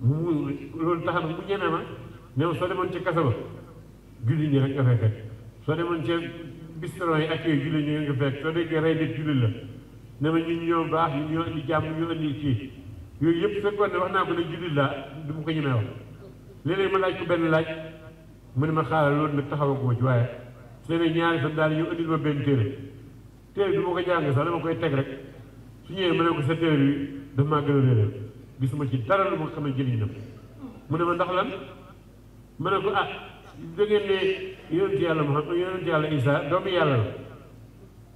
mu loolu tax na mu ma mais soo demoon ci kasa ba julli ñi rek nga fay fekk soo demoon ci bistro yi ak yooyu julli ñi rek fekk soo déggee rey nit julli la ne ma ñun ñoo baax ñun ñoo indi jàmm ñoo kii yooyu yëpp fekkoon ne wax naa ko ne julli laa du ma ko ñemee léeg ma laaj ko benn laaj mu ne ma xaaral loolu nag koo ci waaye su ne ñaari fan daal yow indil ma benn téere téere bi ma ko jàng sax dama koy teg rek su ñëwee ma ne bi daf ci dara lu ma xam ne mu ne ma ndox lan ma ne ko ah da ngeen ne yonent yàlla ma xam yonent yàlla Isa doomu yàlla la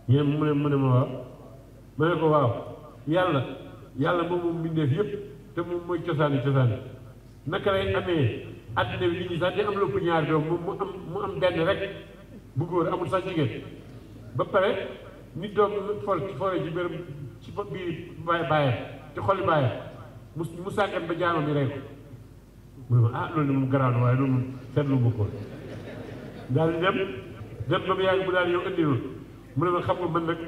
ñu ne mu mu ne ma waaw ma ne ko waaw yàlla yàlla moom moom mbindeef yëpp te moom mooy cosaani cosaani naka lay amee àddina bi nit ñi sax di am lépp ñaari doom mu am mu am benn rek bu góor amul sax jigéen ba pare nit doom for foree ci biir ci biir baay baayam ci xolli baayam mu mu sàggan ba jaamam yi rek ko mu ne ma ah loolu moom garaaw na waaye loolu seetlu ma ko daal di dem dem ba mu yàgg mu daal yow indi loolu mu ne ma xam nga man nag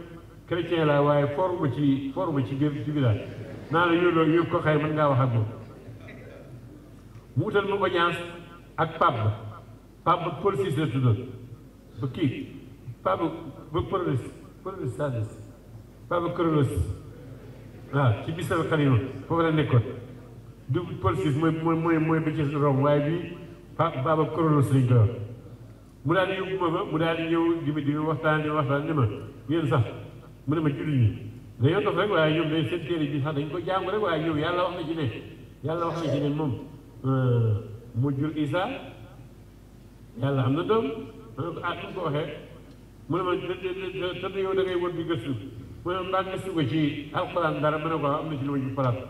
chrétien laa waaye foruma ci foruma ci biir ci village naa la yónnoo yóbbu ko xëy mën ngaa wax ak moom mu wutal mu audience ak Pape Ba polis Paul Cissé la tuddoon ba kii waaw ci bisal xalilu foofu la nekkoon du Paul Cissé mooy mooy mooy mooy bëccëg rom waaye bii Pape Baba Prolos lañ daan wax mu daal ma mu daal di ñëw di ma di ma waxtaan di waxtaan ne ma yéen sax mu ne ma julli ñi dañoo dof rek waaye ñoom day seen téere bi sax dañ ko jàng rek waaye ñoom yàlla wax na ci yàlla wax na ci moom Euh, mu jur Isa yàlla am na doom ma ne ko ah ko waxee mu ne ma te te yow da ngay wër di gëstu mu ne mbaa ma ne ko ah, am na ci lu ma ci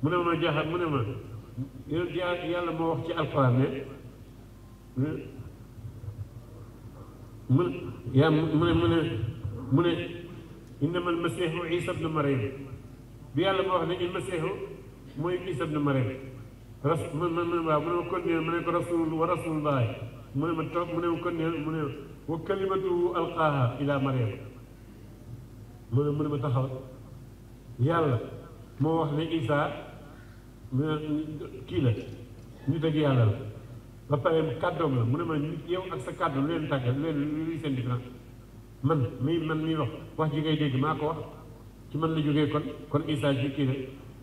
mu ne ma jaaxal mu ne ma yàlla moo wax ci alxuraan ne mu ne yaa mu ne mu ne mu ne innama almasihu isa bi yàlla moo wax ne il masihu mooy isa bnu mariam mu ne waaw mu ne wa kon rasul wa rasulullahi mu ne ma toog mu ne wa kon mu ne wa kalimatu alqaaha ila mariam mu isa kii la nit ak yàlla la ba pare kàddoom la mu ne ma nit yow ak sa kàddu lu leen tàgge lu leen luy seen différence man mi man mi wax wax ji ngay dégg maa ko wax ci man la jógee kon kon isa ci kii la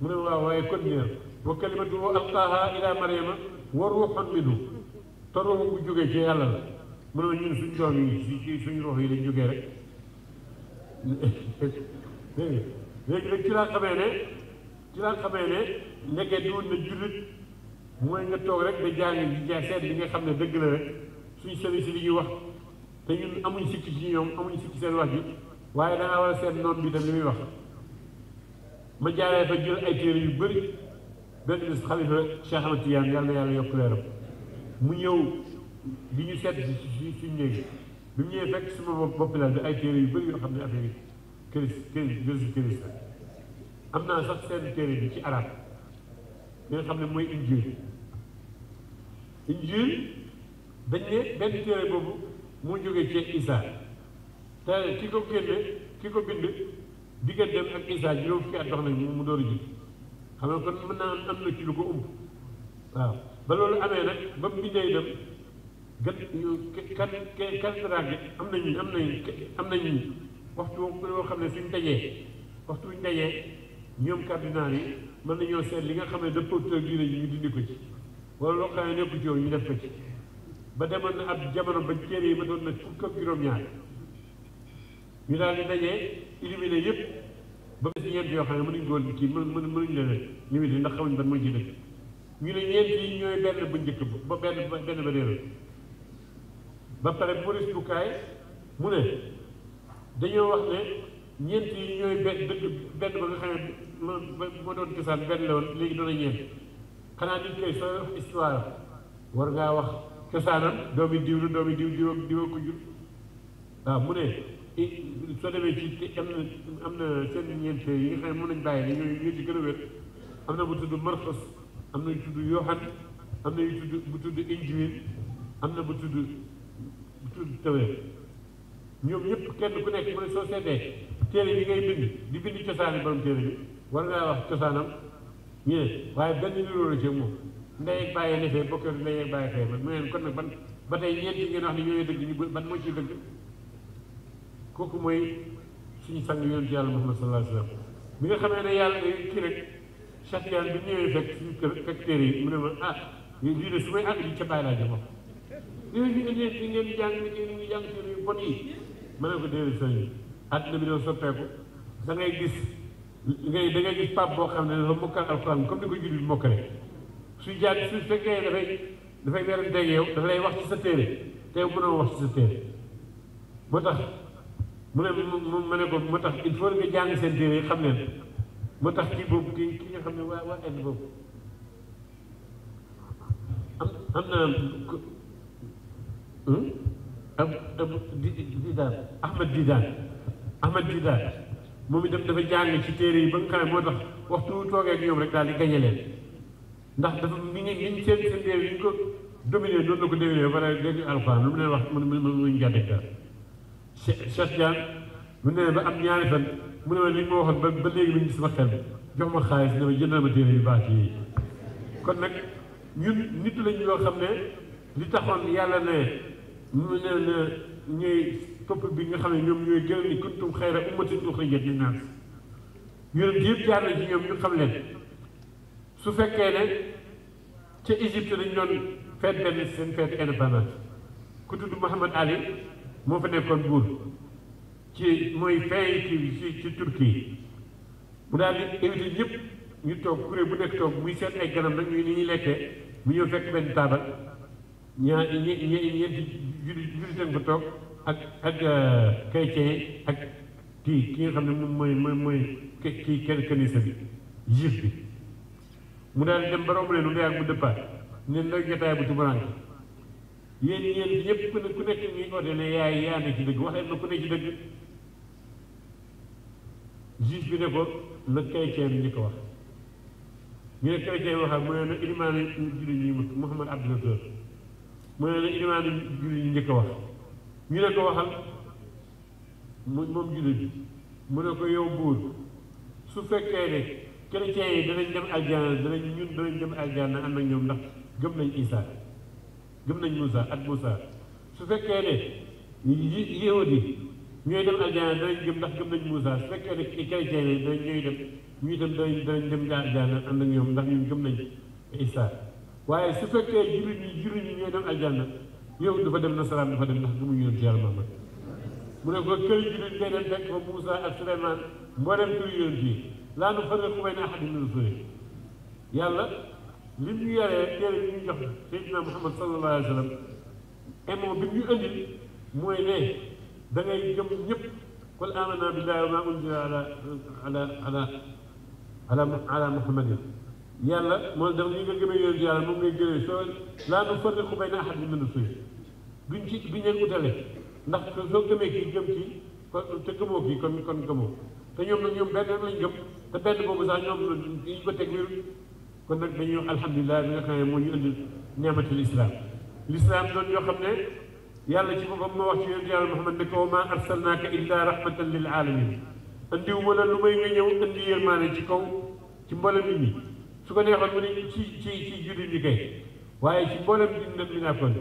mu ne waaw waaye kon neer boo wa kalimatu alqaaha ila mariama wa ruuxun minhu te ruux bu jógee ci yàlla la mu ne ñun suñ doom yi suñ ruux yi dañ jógee rek léegi nag ci laa xamee ne ci laa xamee ne nekkee diwoon na jullit mooy nga toog rek da jàng di jaa seet li nga xam ne dëgg la rek suñ sëriñ si li wax te ñun amuñ sikki ci ñoom amuñ sikki seen wax ji waaye dangaa war a seet noon bi tam li muy wax ma jaaree fa jël ay téere yu bari benn bis xalifa Cheikh Ahmed Tidiane yàlla yàlla yokk leeram mu ñëw bi ñu seet si si suñu bi mu ñëwee fekk suma bopp lal bi ay téere yu bëri yoo xam ne affaire yi këris këris jërëjëf këris la am naa sax seen téere bi ci arab li xam ne mooy injil injil dañ ne benn téere boobu moo jógee ci issa te ki ko génne ki ko bind digganteem ak Isa juróom fukki at dox nañ mu door ji xam nga kon mën naa am na ci lu ko umb waaw ba loolu amee nag ba mu bindee dem gat ñu kat kastaraat bi am nañu am na am nañu waxtu yoo xam ne ni dajee waxtu wuñ dajee ñoom cardinal yi mën nañoo seet li nga xam ne dëppoo ak diine ji ñu dindi ko ci wala loo xam ne nekku ci ñu def ko ci ba demoon na ab jamono ba cër yi ma doon na fukk ak juróom-ñaar ñu daal di dajee éliminé yëpp ba bis ñeent yoo xam ne mënuñ góor gi kii mën mën mënuñ leen rek ñu ngi ndax xamuñ ban mooy ci dëkk ñu ne ñeent yi ñooy benn bu njëkk ba benn benn ba réeral ba pare police bu kaay mu ne dañoo wax ne ñeent yi ñooy benn ba nga xam ne moo doon cosaan benn la léegi doon ñeent xanaa nit koy sooy histoire war ngaa wax cosaanam doomi diw la doomi diw diw ak diw ak ko waaw mu ne soo demee ci am na am na seen ñeent yi nga xam ne nañ bàyyi ne ñooñu ñoo ci a wér am na bu tudd Marcos am na yu tudd Yohan am na bu tudd am na bu tudd tawee ñoom ñëpp kenn ku nekk mu ne soo seetee téere bi ngay bind di bind cosaani borom téere bi war ngaa wax cosaanam ñu ne waaye benn niroo la ci moom ndey ak bàyyi ne fee bokk ndey ak bàyyi fee man mu neen kon nag ban ba tey ñeent yi ngeen wax ne ñooy dëgg ñu ban moo ciy dëgg kooku mooy suñ sang yonent yàlla Muhammad sallallahu alayhi wa bi nga xamee ne yàlla kii rek Cheikh yàlla bi ñëwee fekk suñu kër fekk téere yi mu ne ma ah lii de su ne ngeen jàng ngeen ñu jàng ma ne ko déedéet sëñ bi àddina bi doon soppeeku da ngay gis ngay da ngay gis pape boo xam ne dafa mokkal alxuraan comme ni ko jullit mokkale suy jàng su fekkee dafay dafay weeranteeg yow dafa lay wax ci sa téere te mënoo wax ci sa téere moo tax mu ne ma ne ko moo tax il faut nga jàng seen téere yi xam leen moo tax kii boobu ki nga xam ne waa waa indi boobu am am na hmm? ab ab Didaat Ahmad Didaat Ahmad Didaat moom dafa jàng ci téere yi ba nga xam ne moo tax waxtu wu toogee ak ñoom rek daal di ndax dafa mi ngi mi ngi yi ñu ko dominé noonu la lu mu leen wax mu mu mu ñu jàddee Cheikh Diagne bu ñu ba am ñaari fan mu ne ma li ma waxoon ba ba léegi mi ngi sama xel jox ma xaalis ne ma jëndal ma téere yu baax yi kon nag ñun nit lañ yoo xam ne li taxoon yàlla ne mu ne ne ñooy topp bi nga xam ne ñoom ñooy gën ni kuntum xayra ummatin uxrijat li naas yonent yëpp jaar na ci ñoom ñu xam leen su fekkee ne ca Égypte dañ doon feet benn seen feet indépendance ku tudd Mouhamad Ali moo fa nekkoon buur ci mooy fay ci ci Turquie mu daal di toog bu nekk toog muy seet ay ganam nag ñuy ni ñuy lekkee mu taabal ñaa ñe ñeenti ko toog ak ak euh, chrétien ak kii ki nga xam ne moom mooy mooy mooy kii kenn kanisa bi juif mu daal di dem ba romb leen mu dee ak mu dëppaat ne nag jotaay bu tubaranke yéen yéen ñëpp ku ne ku nekk ñi oote ne yaay yaa ne ci dëgg wax leen ma ku ne ci dëgg juge bi ne ko le chrétien bi ñu ko wax ñu ne chrétien bi mu ne la ilimaan julli ñi Mouhamad Abdou ñi ñu ko wax ñu ne ko waxal mu moom julli bi mu ne ko yow buur su fekkee ne chrétien yi danañ dem aljana danañ ñun danañ dem aljana ànd ak ñoom ndax gëm nañ Isaa gëm nañ Moussa ak Moussa su fekkee ne yahud yi ñooy dem aljana danañ ndax gëm nañ Moussa su fekkee ne chrétien dañ dem ñu itam danañ danañ dem nga aljana ànd ak ndax ñun gëm nañ Isa waaye su fekkee jullit ñi jullit ñi ñooy dem aljana yahud dafa dem nasaraan dafa dem ndax gëmuñu yonent yàlla Muhammad mu ne ko kër jullit ngay dem fekk fa Moussa ak Souleymane mboolem tur yonent yi laa nu farriqu bayna ahadin min rusuli yàlla li ñu yaree téere yi ñu jox Seydina Muhammad sallallahu alayhi wa sallam émo bi ñu indi mooy ne da ngay gëm ñëpp qul amanna billahi wa ma unzila ala ala ala ala ala muhammadin yàlla moo def li nga gëmee yoon yàlla moom ngay gëmee soo laa nu farriqu bayna ahadin min rusul duñ ci duñ leen utale ndax soo gëmee kii gëm ci kon te gëmoo kii kon kon gëmoo te ñoom nag ñoom benn lañ gëm te benn boobu sax ñoom ñu ko teg wéru kon nag dañuy wax alhamdulilah bi nga xam ne moo ñu indil neematul islam l'islam doon yoo xam ne yàlla ci boppam moo wax ci yonent yàlla Muhammad ne ko wa maa arsalnaaka illaa rahmatan lil alamin andiwu ma la lu may nga ñëw indi yërmaane ci kaw ci mboolem nit ñi su ko neexoon mu ne ci ci ci jullit ñi kay waaye ci mboolem nit nag mi naa kon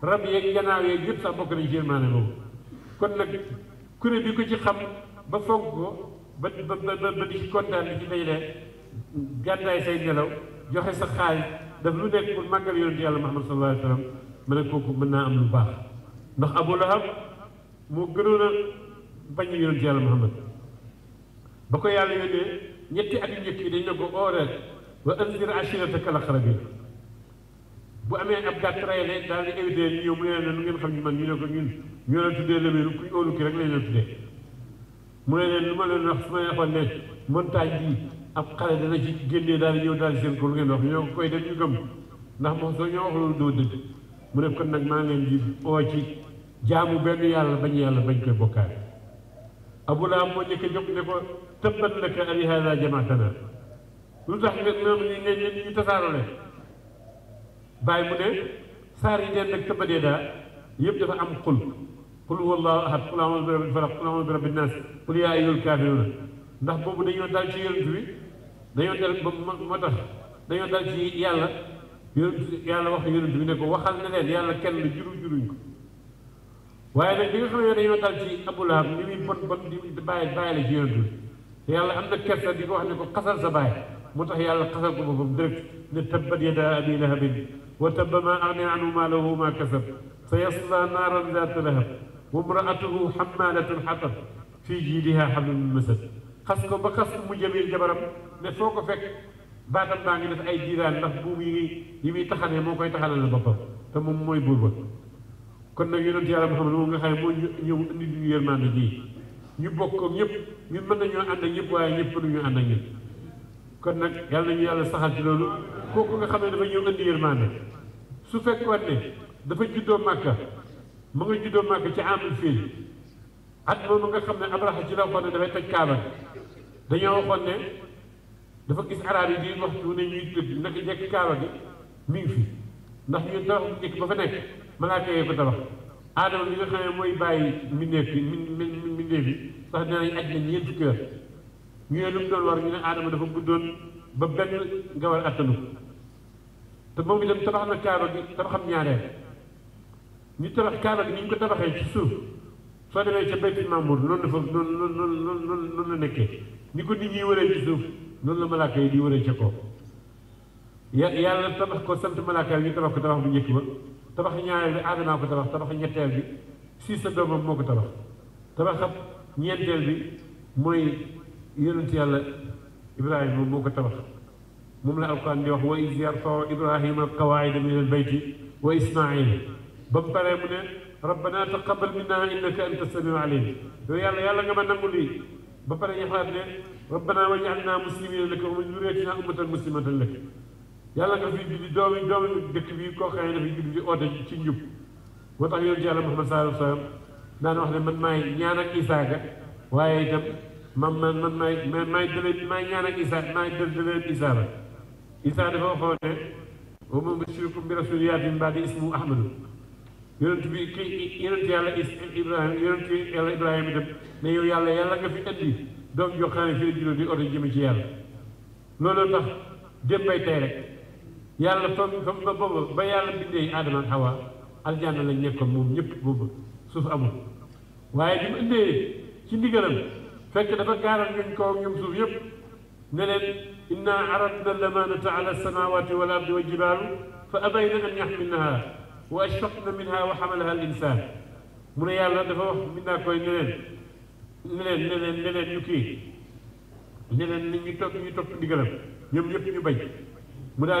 rab yeeg ganaaw yeeg yëpp sax bokk nañ ci yërmaane boobu kon nag kuréel bi ko ci xam ba fonk ko ba ba ba di ci kontaan di ci day lee gàddaay say nelaw joxe sa xaalis daf lu nekk pour màggal yonent yàlla Muhammad sallallahu ma ne kooku mën am lu baax ndax Abu Lahab moo gënoon a bañ ko yàlla yónnee ñetti at yu njëkk yi dañ ne ko ooreet wa anzir ashirataka amee ab gàtt rayale daal di mu ne leen lu ngeen xam ñu man ñu ne ko ñun ñoo leen tuddee lëmeeru kuñ óolu ki rek lañ leen tuddee mu ne leen lu ma leen wax su ma waxoon ne montagne bii ab xale dana ci génnee daal ñëw daal seen ko ngeen wax ñoo koy def ñu gëm ndax moom soo ñoo wax loolu doo dëgg mu ne nag maa ngi di oo ci jaamu benn yàlla bañ yàlla koy bokkaale abula moo njëkk a jox ne ko tëbbat laka ali hada jamaatana lu tax nga noonu ñu ne ñu tasaaroo bàyyi mu ne saar yi deen nag tëbbadee daa yëpp dafa am xul xul wallahu ahad xul amal bi rabbil falaq xul amal bi rabbin naas xul yaa ayyuhal kaafiruuna ndax boobu dañoo dal dañoo dal ba moo tax dañoo dal ci yàlla yàlla wax yonent bi ne ko waxal ne leen yàlla kenn la juru juruñ ko waaye nag bi nga xam ne dañoo dal ci Abu Lahab ni muy bon bon di bàyyi bàyyi la ci yonent bi yàlla am na kersa di ko wax ne ko xasal sa bàyyi moo tax yàlla xasal ko boppam direct ne tabbat yadaa abi lahabin wa tabba maa agna anhu maaluhu wa maa kasab sayasla naaran zaata lahab wa imraatuhu xammaalatal xatab fii jiidihaa xablum min masad xas nga ba xas mu jëmee jabaram ne foo ko fekk baatam baa ngi def ay jiiraan ndax buum yi yi muy taxanee moo koy taxanal la boppam te moom mooy buur ba kon nag yonent yàlla Muhammad moom nga xam ne moo ñëw indi ñu yërmande ji ñu bokk ak ñëpp ñu mën nañoo ànd ak ñëpp waaye ñëpp mënuñu ànd ak ñëpp kon nag yàlla nañu yàlla saxal ci loolu kooku nga xam ne dafa ñëw indi yërmande su fekkoon ne dafa juddoo màkka mu nga juddoo màkka ci amul fii at moom nga xam ne Abraha ci la waxoon ne dafay toj kaaba dañoo waxoon ne dafa gis araab yi di waxtu ne ñuy tëdd naka jekk kaaba gi mi fi ndax ñu tabax bu njëkk ba fa nekk malaaka yee ko tabax aadama bi nga xam mooy bàyyi mbindeef bi mbindeef bi sax dinañ aj na ñeent fukki at ñu ne lu mu doon war ñu ne aadama dafa guddoon ba benn nga attanu te moom itam tabax na kaaba gi xam ñaareel ñu tabax kaaba gi ni ñu ko tabaxee ci suuf soo demee ca baytul maamur noonu la fa noonu noonu noonu noonu la nekkee ni ko nit ñi wëree ci suuf noonu la malaaka yi di wëree ca kaw ya yàlla tabax ko sant malaaka yi ñu tabax ko tabax bu njëkk ba tabax ñaareel bi aadamaa ko tabax tabax ñetteel bi si sa doomam moo ko tabax tabaxam ñeenteel bi mooy yonent yàlla ibrahima moo ko tabax moom la alquran di wax wa iz yarfau ibrahima alqawaida min albayti wa ismail ba mu paree mu ne ربنا تقبل منا انك انت السميع العليم يلا يلا غما نقول لي بابا يا ربنا وجعلنا مسلمين لك ومن ذريتنا امه مسلمه لك يلا غا في دي دوم دوم دك بي كو خاين في دي اوت سي نيوب وتاخ يون جالا محمد صلى الله عليه وسلم نانا واخني من ماي نيانا عيسى غا واي تام مام من من ماي ماي دلي ماي نيانا عيسى ماي دل دل عيسى غا عيسى دا فو فو ومن بشركم برسول ياتين بعد اسمه احمد yonent bi ki yonent yàlla Ibrahima yonent yàlla Ibrahima itam ne yow yàlla yàlla nga fi indi doom joo xam ne fii la di oto ci yàlla loolu tax démbay tey rek yàlla fam ba booba ba yàlla bindee Aadama ak Hawa aljanna lañ nekkoon moom ñëpp booba suuf amul waaye bi mu indee ci ndigalam fekk dafa gaaral ñun kaw ñoom suuf yëpp ne inna aradna lamanata ala samawati wal ardi wa jibaalu fa abayna an yaxmilnaha واشفقنا منها وحملها الانسان من يا الله دفو منا كوي نلن نلن نلن نلن يوكي نلن ني توك ني توك ديغرام نيم ييب ني باي مو دا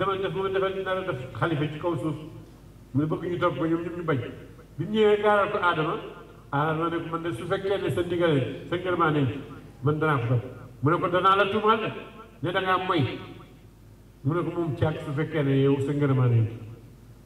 دما داف مو دافال خليفه سي كو سوس مو بك ني توك نيم ييب ني كو ادم ادم نك من سو فكه ني سن ديغال ما نين من دا نكو توك مو نكو لا توما ني داغا موي مو نكو موم تياك سو فكه ني يو ما نين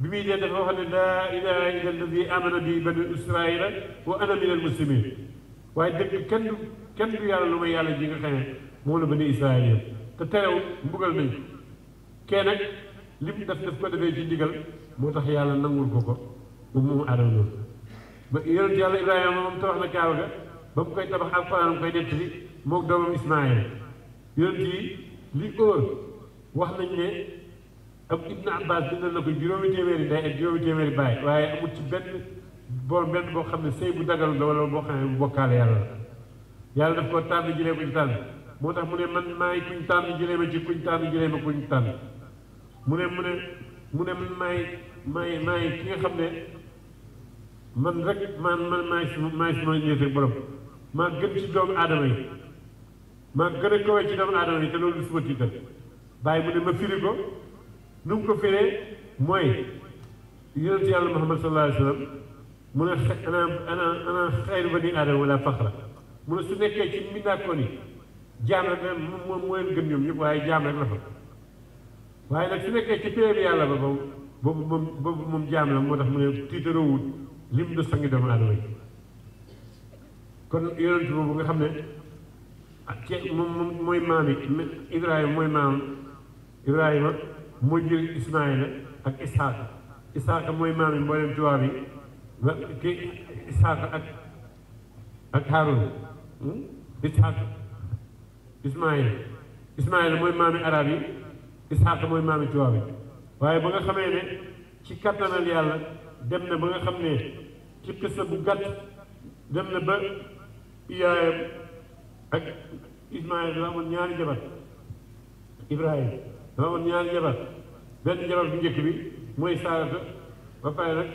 بمي دي دافا لا اله الا الذي امن بي بنو اسرائيل وانا من المسلمين واي دك كن كن دو يالا لوما يالا جيغا خاني مولا بني اسرائيل تا تيو مبوغل ناي كي نك لي داف داف كو دافي جي ديغال موتاخ يالا نانغول كوكو بومو ارانو با يالا يالا ابراهيم مام تا واخنا كاوغا بام كاي تابخ القران كاي نيتلي موك دومم اسماعيل يونتي لي اور واخنا ني am Ibn Abbas bindal na ko juróomi téeméeri ndey ak juróomi téeméeri baay waaye amul ci benn boo benn boo xam ne sëy bu dagal la wala boo xam ne bu bokkaale yàlla la yàlla daf ko tànn jëlee ko ci tànn moo tax mu ne man maay kuñ tànn jëlee ma ci kuñ tànn jëlee ma kuñ tànn mu ne mu ne mu ne man maay maay ki nga xam ne man rek man man maay maay suma ñeete borom maa gën ci doomu aadama yi maa gën a kawee ci doomu aadama yi te loolu suma tiital bàyyi mu ne ma firi ko nu mu ko firee mooy yonent yàlla Muhammad sallallahu alayhi wa sallam mu ne ana ana ana xayru bani aadama wala faxra mu ne su nekkee ci mbindaakoon yi jaam rek la moom moo leen gën ñoom ñëpp waaye jaam rek la fa waaye nag su nekkee ci téere yàlla ba boobu boobu moom boobu moom jaam la moo tax mu ne tiitaroowut lim du sangi doomu aadama yi kon yonent boobu nga xam ne ak moom moom mooy maam yi Ibrahima mooy maam Ibrahima moo jur Ismaïla ak Isxaaqa Isxaaqa mooy maam yi mboolem tubaab yi ba kii Isxaaqa ak ak Haarun Isxaaqa Ismaïla Ismaïla mooy maam yi arab yi Isxaaqa mooy maam yi tubaab yi waaye ba nga xamee ne ci kattanal yàlla dem na ba nga xam ne ci kese bu gàtt dem na ba yaayam ak Ismaïla la amoon ñaari jabar Ibrahima dama ñaar ñaari jabar benn jabar bu njëkk bi mooy saarata ba pare nag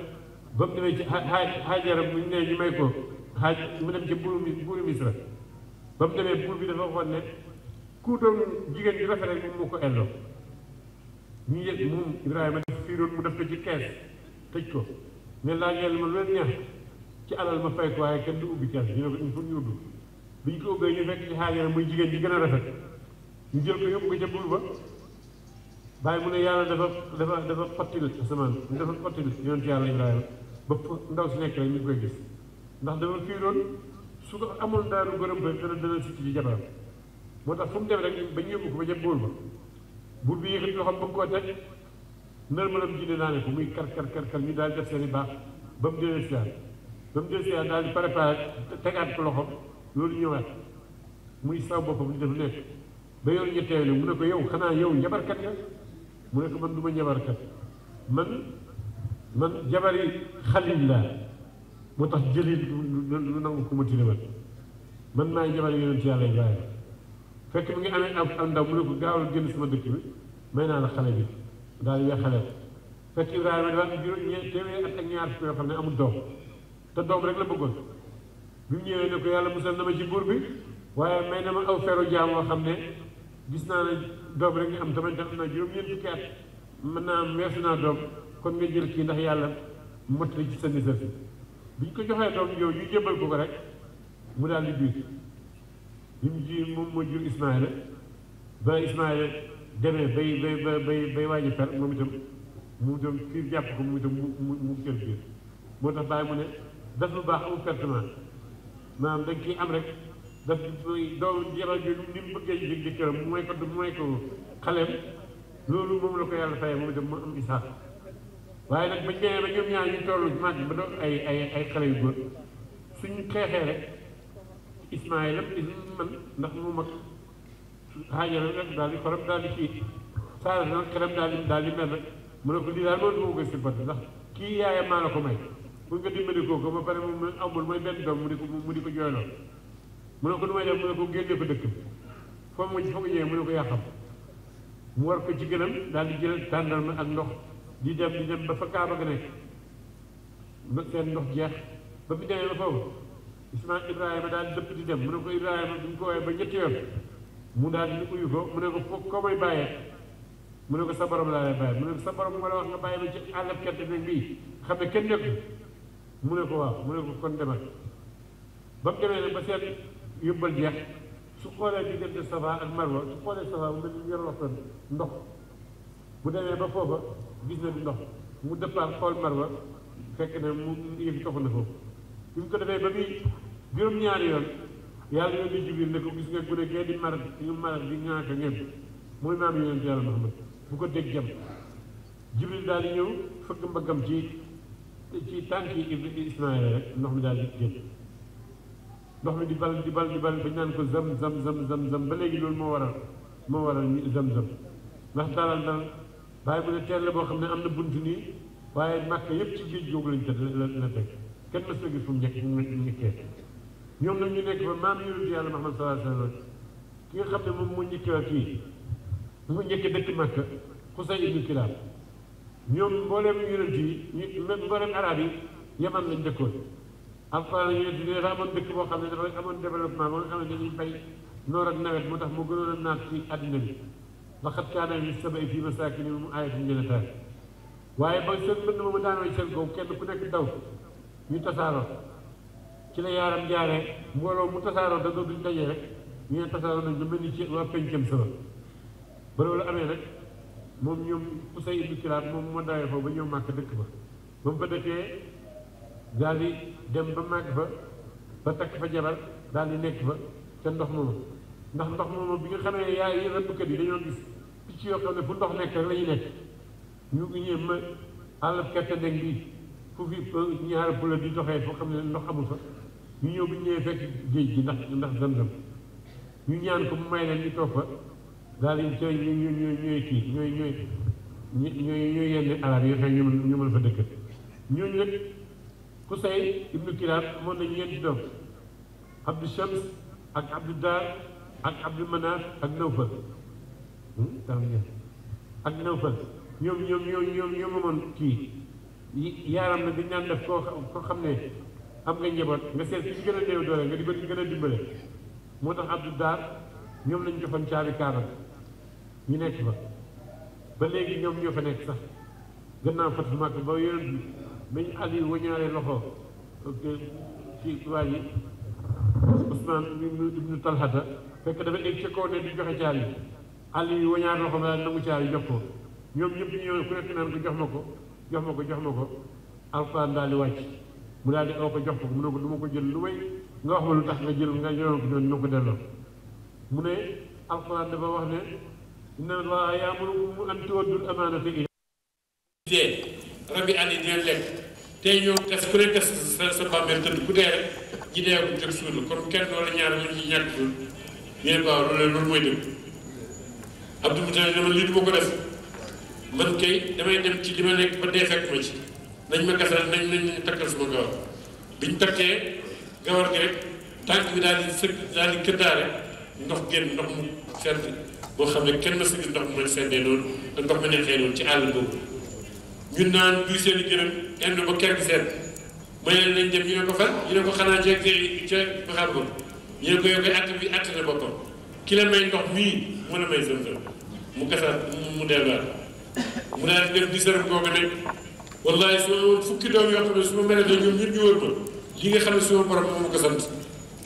ba mu demee ci xaaj xaajaram bu ñu nee ñu may ko xaaj mu dem ci buuru buuru misra ba demee buur bi dafa waxoon ne jigéen bi rafet rek ko elloo ñu yëg moom Ibrahima def fiiroon ko ci kees tëj ma leen ci alal ma fay waaye kenn ubbi kees ñu ko il faut ñu muy jigéen ji gën a rafet ñu jël ko yóbbu ko ca buur ba bàyyi mu ne yàlla dafa dafa dafa xottil asamaan dafa xottil yonent yàlla Ibrahima ba ndaw si nekk rek ngi koy gis ndax dafa fii su ko amoon daanu gërëm ba dana dana si ci jabaram moo tax fu mu dem rek ba ñu yóbbu ba jëm bi yëkkati loxoom ba mu koo teg nërmalam ji ne naa ko muy kar kar ñu daal def seen i baax ba mu dellu si waat ba si waat daal di préparé tegaat ko loxoom loolu ñëwaat muy saw boppam di def nekk ba yoon ñetteelu mu ne ko yow xanaa yow njabarkat nga من من دوما جبر من من جبري خل الله متجل نكم تلمت من ما جبري ينتهي على جاي فك من انا عند ملوك قال الجنس ما دكي ما انا خليبي قال يا خليل فك ابراهيم قال جيرو ني تيوي اك نيار سو خن امو دوم تا دوم رك لا بوغول بيم نيوي نكو يالا مسل نما جي بور بي واي ما اوفيرو جامو خن ني غيسنا doom rek ñu am sama am naa juróom-ñeent fukki at mën naa am naa doom kon nga jël kii ndax yàlla mottali ci sa nisas bi ñu ko joxee doom yow ñu jébbal ko ko rek mu daal di biir li mu ji moom moo jur Ismaïla ba Ismaïla demee bay bay bay bay bay waaji fer moom itam mu itam fiir jàpp ko mu itam mu mu mu jël biir moo tax bàyyi mu ne def lu baax amul pertement maanaam dañ ciy am rek daf doomu jabar ji ni mu bëggee jël jëkkëram mu may ko mu may ko xaleem loolu moom la ko yàlla fayee waaye nag bañ demee ba ñoom ñaar ñu toll ci màgg ay ay ay xale yu góor suñ ndax mu mag Haajara rek daal di xorom daal di kii Saara nag xelam daal di daal di mel nag mu ne ko lii daal moo dugg ko si bët yaayam maa la ko may bu nga dimbali kooku ba pare moom amul mooy benn doom mu di ko mu di ko jooyloo mu ne ko du may def mu ne ko génne ko dëkk foo mu foo mu ñëwee mu ne ko yàqam mu war ko ci gënam daal di jël tàndarma ak ndox di dem di dem ba fa kaaba ga nekk ba mu daal di dëpp di dem mu ne mu ne ko foo la wax nga bàyyi ma ci àllab kerte nag bii xam yóbbal jeex su xoolee diggante Safa ak Marwa su xoolee Safa bu mel ni yor waxtaan ndox ba foofa gis na di ndox mu dëppaat xool Marwa fekk ne mu yëg na foofu mu ko defee ba muy juróom-ñaari yoon yàlla yoon di Jibril ne ko gis nga gune kee di mar di mar di ŋaaka ngeen mooy maam yonent yàlla Muhammad bu ko dégg jam Jibril daal di ñëw fëgg mbaggam ci ci tànk yi Ismaayla rek ndox mi daal di ndox mi di bal di bal di bal bañ naan ko zam zam zam zam zam ba léegi loolu moo waral moo waral ñu zam zam ndax dalal dal bàyyi mu ne teel la boo xam ne am na bunt nii waaye màkk yëpp ci géej googu lañ teg la la teg kenn mës a gis fu mu nekk mu nekkee ñoom nag ñu nekk fa maam yonent yàlla Muhammad sallallahu alayhi wa sallam ki nga xam ne moom moo njëkkee waa fii mu njëkk dëkk màkk Xusay ibnu Kilaab ñoom mbooleem yonent yi ñu mbooleem arab yi yaman lañ dëkkoon alxuraan la ñuy tuddee dafa amoon dëkk boo xam ne dafa amoon développement ba nga xam ne dañuy bay noor nawet moo tax mu gënoon a naat ci àddina bi laqad kaana li saba'i fii masaakinihim aayatun li al-absaar waaye ba seen mbënd moomu daanoo seen kaw kenn ku nekk ci la yaaram jaaree mbooloo mu tasaaroo da doon duñ dajee rek ñu ne tasaaroo nañ lu mel ni ci waa pencam saba ba loolu amee rek moom ñoom Usay ci Kilaab moom moo dawee foofu ba ñëw màkk dëkk ba ba mu fa daal di dem ba màgg ba ba takk fa jabar daal di nekk ba ca ndox moomu ndax ndox moomu bi nga xam ne yaay yi rëbbkat yi dañoo gis picc yoo xam ne fu ndox nekk rek la ñu nekk ñu ngi ñëw ma àll kerte ndeg bi fu fi ñaari pula di doxee foo xam ne ndox amul fa ñu ñëw bu ñu ñëwee fekk géej gi ndax ndax dëndëm ñu ñaan ko mu may leen ñu toog fa daal di ca ñu ñu ñu ñooy kii ñooy ñooy ñooy ñooy yenn arab yi nga xam ne ñu mën fa dëkk ñooñu rek. كسي ابن كلاب من ينجد عبد الشمس أك عبد الدار أك عبد المناف أك نوفل تامية أك نوفل يوم يوم يوم يوم يوم من كي يا رب نبي نان دفع خمنة أم غني جبر مسير تيجي كنا نيو دولا غادي بنتي كنا دبلة موتا عبد الدار يوم نجي فن شاري كارن ينكبر بلغي يوم يوم فنكسر جنا فتح ماك بويرد bañ ali wañaare loxo ci waa yi Ousmane ibnu Talhata fekk dafa egg ca kaw ne di joxe caar yi ali wañaare loxo ma daal nangu caar yi jox ko ñoom ñëpp ko jox jox ma ko jox mu daal di aw ko jox ko mu ne ko du ma ko jël wax ne alxuraan ne inna allaha ya'murukum an tu'addu al-amaanati ila tey ñoom tes ku ne tes sa sa bàmmeel tëdd ku dee rek ñi dee ko teg suul kon kenn wala ñaar ñu ci ñàkk suul ñu ne waaw loolu loolu mooy dëgg Abdou Moutalib dama lii du ko def man kay damay dem ci li ma nekk ba dee fekk ma ci nañ ma gasal nañ nañ takkal suma gawar biñ takkee gawar gi rek tànk bi daal di sëkk daal di këddaare ndox génn ndox mu sedd boo xam ne kenn ma si gis ndox mu mën seddee noonu ndox ma neexee noonu ci àll boobu ñu naan duy seen i gërëm indi ba kekk seen may leen nañ dem ñu ne ko fan ñu ne ko xanaa ca kii ca baxar ko ñu ne ko yow koy bi att na boppam ki la may ndox mii mën a may sëmsëm mu gasaat mu delluwaat mu daal di dem di sërëm kooku ne wallahi su ma amoon fukki doom yoo xam ne su ma mel ne ñu wër ma li nga xam ne su ma borom moo ma ko sant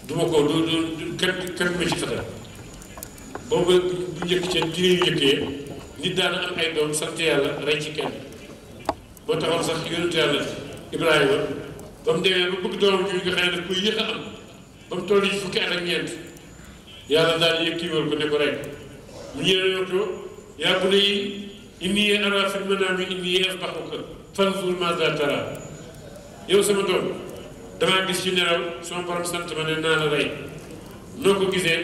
du ma ko du du kenn kenn ma ci fata boobu bu njëkk ca jigéen yu njëkkee nit daana am ay doom sant yàlla rey ci kenn boo taxaw sax yonentu yàlla Ibrahima ba mu demee ba bëgg doomam ji nga xam ne daf koy a am ba mu toll ci fukki at ak ñeent yàlla daal yëg kii wal ko ne rek mu ñëwee yow too yaa bu ne inni araa fil manaami inni asbahuka fanzur maaza taraa yow sama doom damaa gis ci nelaw sama borom sant ma ne naa la rey noo ko gisee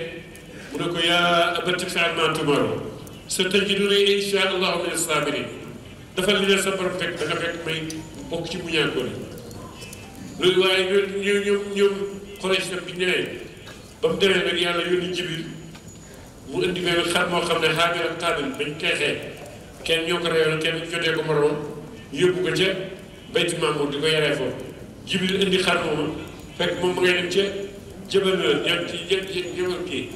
mu ne ko yaa abati fa'al maa tu'mar satajidunii inshaa Allahu mina saabiriin defal li leen sa borom fekk da fekk may bokk ci muñaankoor yi loolu waaye ñoom ñoom ñoom Quraysh nag bi ñëwee ba mu demee nag yàlla yónni Jibril mu indi benn xar moo xam ne Haabil ak Qaabil kenn ñoo ko reyoon kenn jotee ko moroom ko ca Baytul Maamur di ko yaree foofu Jibril indi xar moomu fekk moom ma ngay dem ca jëbal ñoom ci jë jëbal kii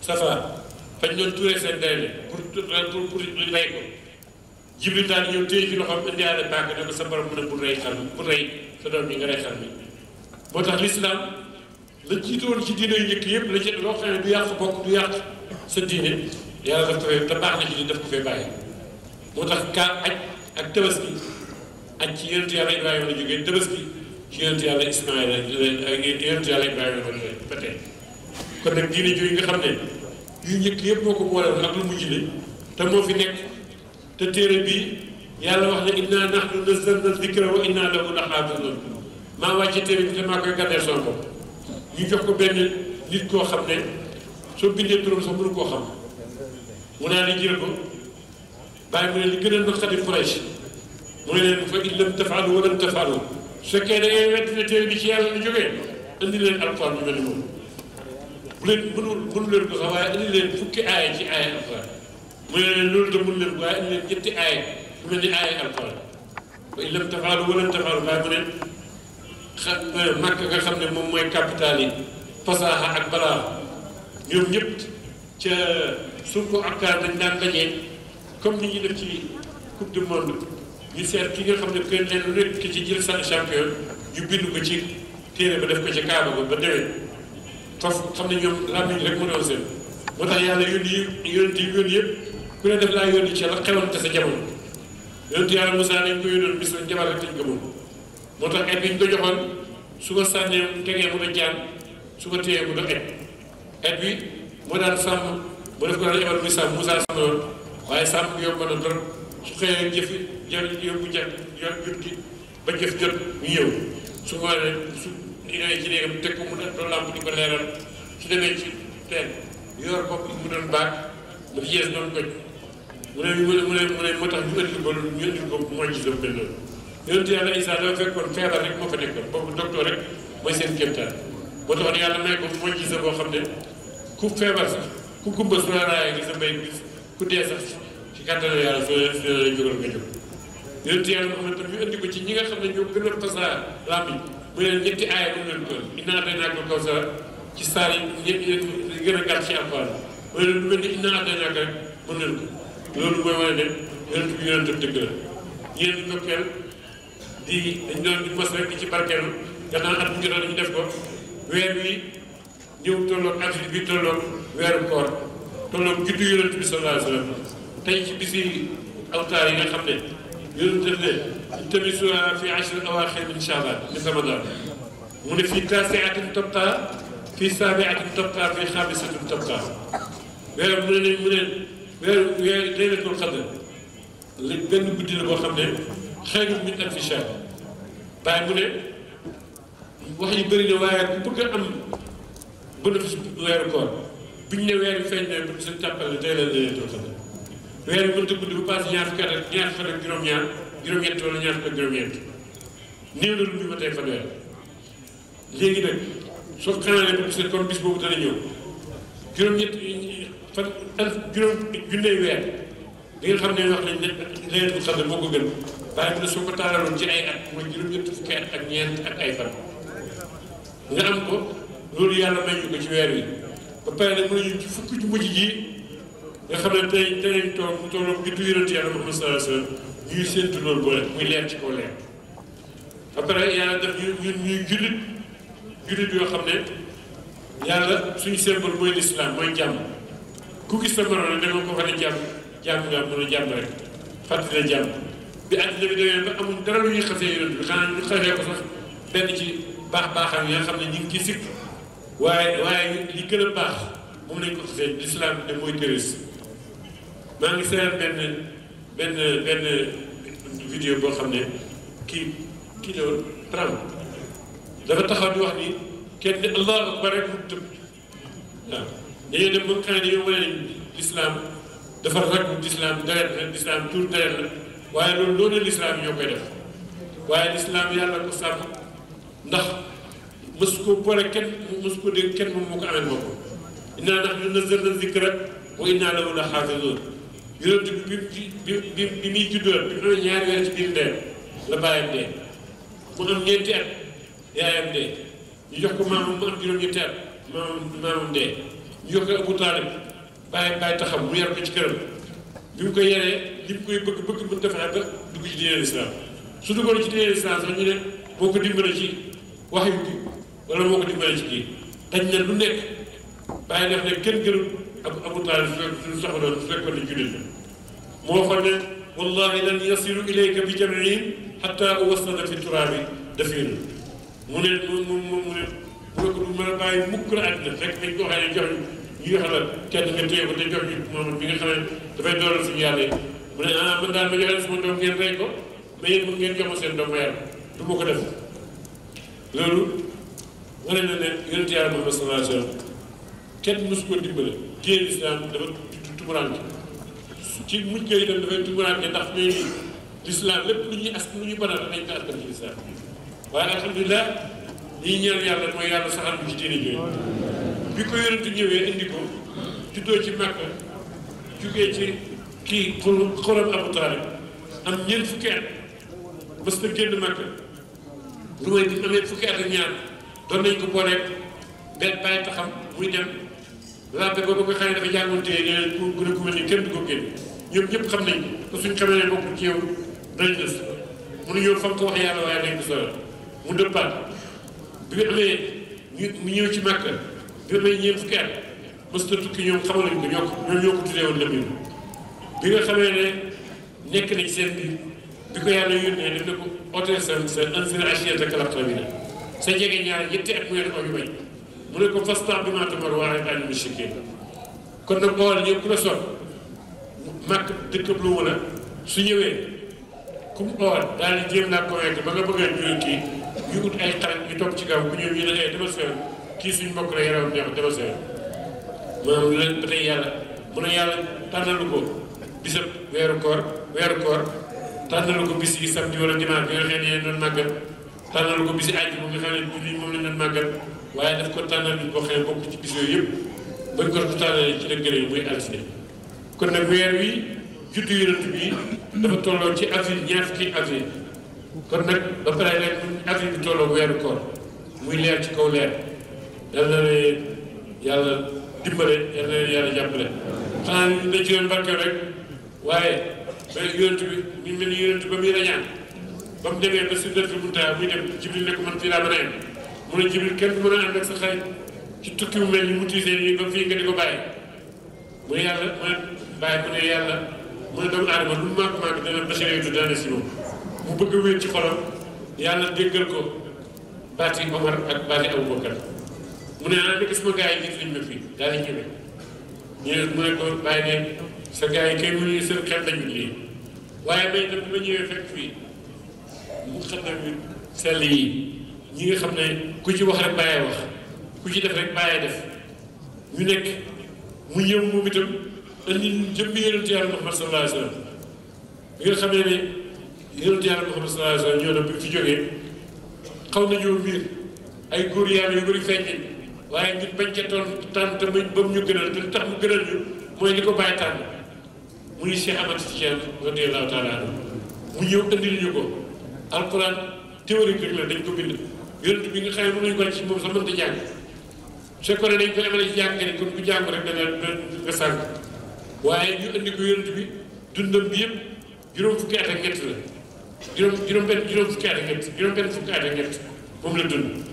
Safa fañ doon tuuree seen dayoo pour pour pour ñu rey ko. jibril daal ñëw téye ci loxoom indiwaale paaka ne ko sa borom bu rey xar bu rey sa doom bi nga rey moo tax lislaam la jiitoon ci diine yu njëkk yëpp la ci xam ne sa diine yàlla daf ko fee te baax na ci di daf ko fee bàyyi moo tax kaa aj ak tabaski aj ci yonent yàlla la jógee tabaski ci yonent yàlla ismaïla yonent yàlla ibrahima la jógee ba yu njëkk yëpp boo ko boole ak lu mujj ne te moo fi nekk te téere bi yàlla wax ne inna nahnu nazzalna zikra wa inna lahu lahafizun maa ko benn nit koo xam ne soo bindee turam sax mënu koo ne jël li gën a naqari Quraysh mu da ngay wedd ne téere leen alquran bi bu leen mënul mënu ko sax waaye indi leen fukki aaya ci aaya alquran mu ne leen loolu de mun leen waaye am leen ñetti aaya mu mel ni aaya alquran wa in lam tafaalu wa lan tafaalu waaye mu ne xam màkk nga xam ne moom mooy capital yi fasaaxa ak balaa ñoom ñëpp ca suuf ko ak dañ daan dajee comme ni ñu def ci coupe du monde ñu seet ki nga xam ne kenn leen lu nekk ci jël sa champion ñu bind ko ci téere ba def ko ci kaaba ba ba déwén foofu xam ne ñoom làmmiñ rek mu doon seen moo tax yàlla yónni yónni yónni yëpp ku ne def laa yónni ci la xewoon te sa jamono yonent yàlla Moussa dañ ko yónnoon bis lañ jabar rek lañ ñu ko joxoon su ko sànnee tegee mu su ko téyee mu ne et et bi moo daan sàmm moo def ko daan ebal muy sàmm Moussa sàmm lool waaye sàmm bi yomb na trop su xëyee jëf jëf yóbbu njëkk yor jur gi ba ko mu ne doon làmp ci teen mu di yees doon goj mu ne mu ne mu ne moo tax ñu ëndi ko ñu ëndi ko mooy gis loolu benn yonent yàlla Isaa dafa fekkoon feebar rek moo fa nekkoon boobu docteur rek mooy seen kéemtaan moo taxoon yàlla may ko mooy gis boo xam ne ku feebar sax ku gumba su la raayee gis sa mbay gis ku dee sax ci kàttan yàlla soo leen soo leen jógal nga jóg yonent yàlla moo xam ne tam ñu ëndi ko ci ñi nga xam ne ñoo gën a fasaa làmbi mu leen ñetti aaya bu leen ko innaa ataynaaka al-kawsar ci saar yi ñëpp gën a gàtt ci Alxuraan mu leen lu mel ni innaa ataynaaka rek mën leen ko loolu mooy wane dem yonent bi yonent bi dëgg la yéen ndokkeel di dañ doon di mos rek di ci barkeelu gannaaw at bu jotoon dañu def ko weer wi ñëw tolloog at bi tolloog weeru koor tolloog juddu yonent bi sallallahu alayhi wa sallam tey ci bisi awtaar yi nga xam ne yonent def ne iltamisuuhaa fi ashri awaaxir min Sha'baan min Ramadaan mu ne fii taasi'atin tabtaa fii saabi'atin tabtaa fii xaamisatin tabtaa weer mu ne mu ne weeru weeru laylatul xadar la benn guddi la boo xam ne xayrun min alfi shahr bàyyi mu ne wax yu bëri na waaye bu bëgg a am bénéfice weeru koor biñ ne weer feeñ ne bu seen tàppale tey la laylatul xadar weer bi mënta guddi bu passé ñaar fukki at ñaar fan ak juróom-ñaar juróom-ñett wala ñaar fan ak juróom-ñett néew na lu ñu ma tey fanweer léegi nag soo xanaa ne bu gisee kon bis boobu dana ñëw juróom-ñett fan fan juróom junney weer di nga xam ne wax nañ ne leetul xadar moo ko gën waaye mu ne su ko taaraloon ci ay at mooy juróom-ñett fukki at ak ñeent ak ay fan nga am ko loolu yàlla may ñu ko ci weer wi ba pare nag mën nañu ci fukki ci mujj ji nga xam ne tey tey lañ toog mu tolloog bi yonent yàlla Muhammad sallallahu alayhi wasallam ñuy séntu loolu boole muy leer ci kaw leer ba pare yàlla def ñu ñun ñuy jullit jullit yoo xam ne yàlla suñu symbole mooy lislaam mooy jàmm ku gis sa morom da nga ko war a jàmm jàmm nga mën a jàmm rek fàttali la jàmm bi àddina bi demee ba amul dara lu ñuy xasee yonent bi xanaa ñu xasee ko sax benn ci baax baaxam yi nga xam ne ñu ngi ci sikk waaye waaye li gën a baax moom lañ ko xasee lislaam ne mooy terrorisme maa ngi seetaan benn benn benn vidéo boo xam ne kii kii la Trump dafa taxaw di wax ni kenn ni allahu akbar rek mu tëb waaw dañoo dem ba temps dañoo wane ne lislaam dafa raggu lislaam deret la lislaam tuur deret la waaye loolu loolu lislaam ñoo koy def waaye lislaam yàlla ko sàmm ndax mësu ko boole kenn mësu ko dégg kenn moom moo ko amee boppam innaa nahnu nazzalnaa zikra wa bi mu amee ñaari weer ci biir la bàyyam dee mu am ñeenti at yaayam dee ñu jox ko maamam mu am juróom-ñetti at maamam dee yor ko Abu Taalib bàyyi bàyyi taxam mu yar ko ci këram bi mu ko yaree li mu koy bëgg bëgg mën defee ba dugg ci diine islam su duggoon ci diine islam sax ñu ne boo ko dimbale ci waxyu bi wala boo ko dimbale ci kii dañ ne lu nekk bàyyi def ne kenn gërëm Abu Abu Taalib su soxla su fekkoon ne jullit la moo xam ne wallahi lan yasiru ilayka bi jam'ihim hatta uwassala fi turaabi dafiinu mu ne mu mu mu ne bu ko mën a bàyyi mukk la àddina fekk dañ kenn nga téye ko te jox ñu moom bi nga xam ne dafay dooral suñu yàlla yi mu ne ah man daal ma joxe sama doom ko mais yéen mën ngeen seen doom ma yàlla du ma ko def loolu wane na ne yonent yàlla Muhammad sallallahu alayhi lislaam dafa tumuraanke ci mujj yi dem dafay tumuraanke ndax ñooy lislaam lépp lu ñuy as lu lislaam waaye alhamdulilah lii ñeel yàlla mooy yàlla saxal bi ci diine bi ko yonent ñëwee indi ko juddoo ci Makka jugee ci kii xolam Abu Taalib am ñeent fukki at mës génn Makka lu may di amee fukki at ak ñaar doon nañ ko booleeg benn bàyyi taxam muy dem laata boobu nga xam ne dafa jàngoon téye ñeneen ku gën a ku mel ni kenn du ko génn ñoom ñëpp xam nañ ko suñ xamee ne bokkul ci yow danañ des mënuñoo fa nga ko wax yàlla waaye dañ ko sore mu dëppaat bi mu amee ñu ñëw ci Màkka bi mu amee ñeent fukki at mosut a tukki ñoom xamal nañ ko ñoo ñoo ko tuddee woon Lamine bi nga xamee ne nekk nañ seen biir bi ko yàlla yónnee def na ko otel sa sa ansir achien rek bi na sa jege ñaar ñetti at mu yor ko ñu bañ mu ne ko fas bi maa tamar waaye daal di mushrikeen kon nag boole ñëpp ku la sot màkk dëkk lu wala su ñëwee ku mu boole daal di jéem naa convaincre ba nga bëggee jur kii. di ut ay xarit ñu toog ci gaaw bu ñëw ñu ne ay demal seen kii suñ mbokk la yaram neex demal seen maanaam lu leen ba tey yàlla mu ne ko bisab weeru koor weeru ko bis yi samedi wala dimanche bi nga xam ne yéen doon màggal tànnalu ko bisi àjji moom nga xam ne bi moom lañ doon màggal waaye daf ko tànnal ñu boo xam ne ci bis yooyu yëpp bañ ko tànnalee ci la gërëm muy altine kon nag weer wi juddu yonent bi dafa tolloo ci avril ñaar fukki avril kon nag ba pare leen at bi tolloo weeru koor muy leer ci kaw leer yal na leen yàlla dimbale yal yàlla jàppale xanaa ñu dañ ci leen barkeel rek waaye ba yonent bi ñu mel ni yonent ba muy rañaan ba mu demee ba Sidratul Muntaha muy dem Jibril ne ko man fii laa mën a yem mu a ànd sa xarit ci tukki mu mel ni mu tiisee nii ba fii nga di ko bàyyi mu yàlla mu ne bàyyi mu ne yàlla mu ne doomu aadama lu mu màgg màgg dana bachare yu dana si moom bu bëgg wér ci xolam yàlla déggal ko baati Omar ak baati Aboubacar mu ne ah ni gis ma gars yi gis nañ ma fii daal di ñëwee ñu mu ne ko bàyyi ne sa gars yi kay mu ne seen xel nañu lii waaye may dem bi ma ñëwee fekk fii mu xam ne bi sell yi ñi nga xam ne ku ci wax rek bàyyee wax ku ci def rek bàyyee def ñu nekk mu ñëw moom itam indi jëmbi yonente yàlla Muhammad sallallahu alayhi wa sallam bi nga xam ne yonent yàlla Muhammad sallallahu alayhi wa sallam ñoo dem bi fi jógee xaw nañoo wiir ay góor yàlla yu bëri feeñ waaye ngir bañ ca tool tànn te ba mu ñu gënal te tax mu gënal ñu mooy li ko bàyyi tànn muy Cheikh Ahmad Tidiane radiyallahu taala anhu mu ñëw andil ñu ko alquran théorique rek la dañ ko bind yonent bi nga xam ne mën nañu ko ci moom sax mënta jàng su ko ne dañ ko amale ci jàng kon ku jàng rek da nga nga sànq waaye ñu andi ko yonent bi dundam bi yëpp juróom fukki at ak la juróom juróom benn juróom fukki at ak ñett juróom benn fukki at ak ñett moom la dund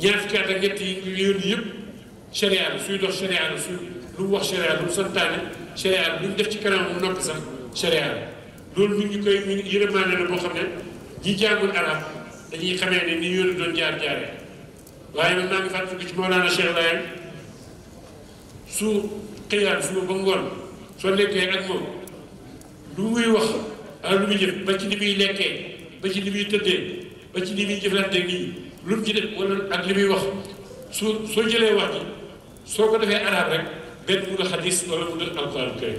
ñaar fukki at ak ñett yi ñu yónni yëpp sharia bi suy dox sharia bi suy lu mu wax sharia lu mu santaane sharia lu mu def ci kanam mu noppi sax sharia loolu ñu ngi koy yërëmaane la boo xam ne ñi jàngul arab dañuy xamee ne ni yoonu doon jaar jaare waaye man maa ngi fàttaliku ci Mawlana Cheikh Laye su xëyaan suba ba ngoon soo nekkee ak moom lu muy wax ak lu muy jëf ba ci li muy lekkee ba ci li muy tëddee ba ci li muy jëflanteeg nii lu mu ci def wala ak li muy wax su soo jëlee wax ji soo ko defee arab rek benn mu nga xadis wala mu nga alquran kay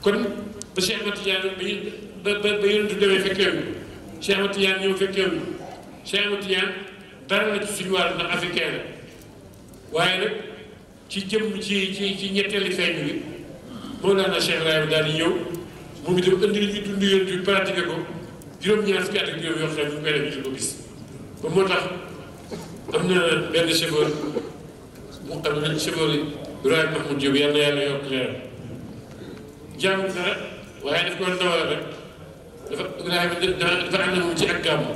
kon ba Cheikh Ahmad Tidiane ba ba ba yonentu demee fekkee wu Cheikh Ahmad Tidiane ñëw fekkee wu Cheikh Ahmad Tidiane dara la ci suñu wàll na africain la waaye nag ci jëm ci ci ci ñetteeli feeñ bi moo daana Cheikh Ibrahima daal di ñëw moom itam indi li ñuy dund yoon bi pratiqué ko juróom-ñaar fukki at ak juróom yoo xam ne ñu koy def di ko gis ba moo tax am na benn chauffeur mu am na chauffeur yi Ibrahima Mahmoud Diop yal na yàlla yokk leeram jàng dara waaye daf ko dawal rek dafa dafa am na moom ci ak gàmm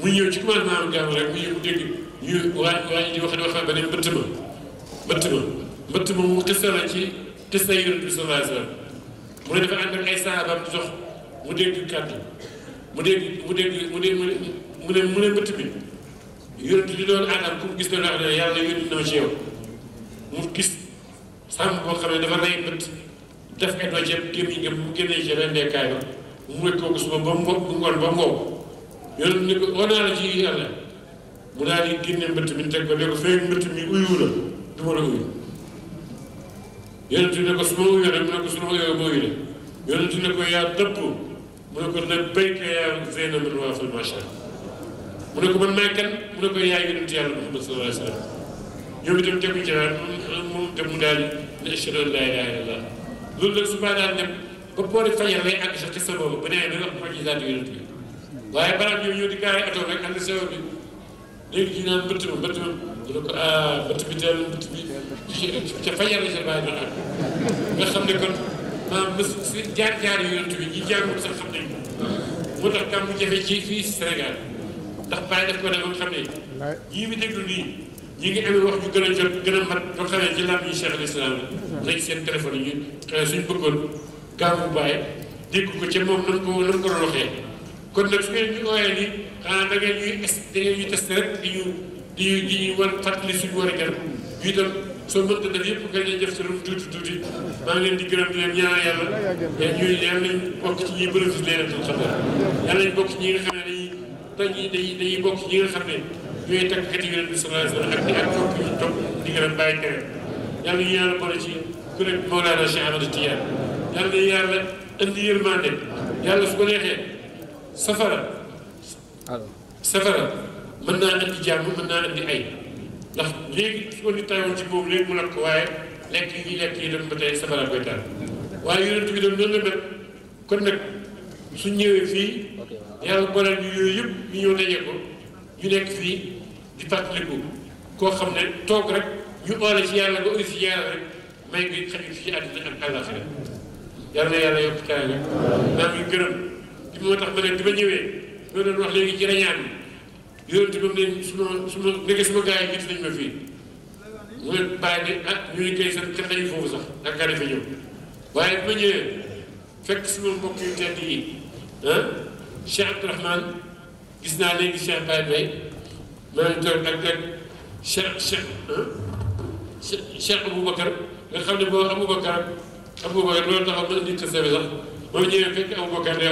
mu ñëw ci commandement am gàmm rek mu ñëw dégg ñu waa waa ji di wax di wax beneen mbëtt ma mbëtt ma mbëtt ma mu testa la ci testa yonent bi sallallahu alayhi wa sallam mu ne dafa ànd ak ay saabam jox mu dégg kàddu mu dégg mu dégg mu dégg mu ne mu ne mbëtt bi yonent di gis ne wax ne yàlla yónni na ma mu gis sàmm koo xam ne dafa rey mbëtt def ay doj yëpp gémmiñ nga mu génnee ci rendeekaay ba mu wékk ko suba ba mbo bu ngoon ba mboob yonent ni ko oo naa la ci yàlla mu daal di génne mbëtt mi teg ko ne fee mbëtt mi uyu la du la uyu yonent bi ne ko su ma yore mu ne ko su ma yore moo yore yaa dëpp mu ne ko na ko man may kan mu ko nag su bi waaye balaa ah, bëtt bi ci ci fa yàlla si bàyyi ma nga xam ne kon maanaam mës si jaar-jaar yu yonent bi ñi jàngul sax xam moo tax gàmm mu jafe ci fii Sénégal ndax bàyyi def ko ne moom xam ne ñii mi déglu nii ñi ngi amee wax ñu gën a jot gën a mat ba xamee ci laam yi Cheikh al Islam la seen téléphone yi ñu euh, suñ bëggoon gàmm bu bàyyi dégg ko ci moom ko nan ko doon waxee kon nag su ngeen ñu ooyee ni xanaa da ñuy da ngeen ñuy testé rek di ñu ñu ñu war fàttali suñu war a garab ñu itam soo mënta def yëpp kay dañ def sa lu tuuti tuuti maa ngi leen di gërëm di leen ñaanal yàlla ñuy yàlla nañ bokk ci ñi bénéfice leenatul xadar yàlla nañ bokk ci ñi nga xam ne dañuy dañuy dañuy dañuy bokk ci ñi nga xam ne ñooy takkati yonent bi sallallahu alayhi wa sallam ak di ak fokk ñu topp di gërëm bàyyi tere yàlla ñu yàlla boole ci ku nekk Mawlana Cheikh Amadou Tidiane yàlla nañ yàlla indi yërmande yàlla su ko neexee safara safara mën naa indi jàmm mën naa indi ay ndax léegi su ko nit tayoon ci boobu léegi mu nag ko waaye lekk yi lekk yi dem ba tey safara koy taal waaye yonent bi dem noonu la mel kon nag suñ ñëwee fii yàlla booleel ñu yooyu yëpp ñu ko nekk fii di fàttaliku koo xam ne toog rek ñu oole ci yàlla nga oy si yàlla rek may ngi xajul fii àddina ak àllaaxira yàlla na yàlla yokk caay la maa ngi gërëm li moo tax ma ne di ma ñëwee loolu doon wax léegi ci rañaan bi yonent bi mu ne su ma su ma nekkee suma gars yi gis nañ ma fii mu ne bàyyi ah ñu ngi koy seen kan lañu foofu sax ak gane ñëw waaye bu ñëwee fekk suma mbokk yu tedd yi ah, naa léegi Cheikh Baye Baye maa ngi ah, xam ne boo Aboubacar Aboubacar loolu taxaw ah,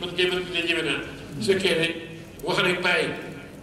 man kay man dina ñeme naa su fekkee wax rek bàyyi.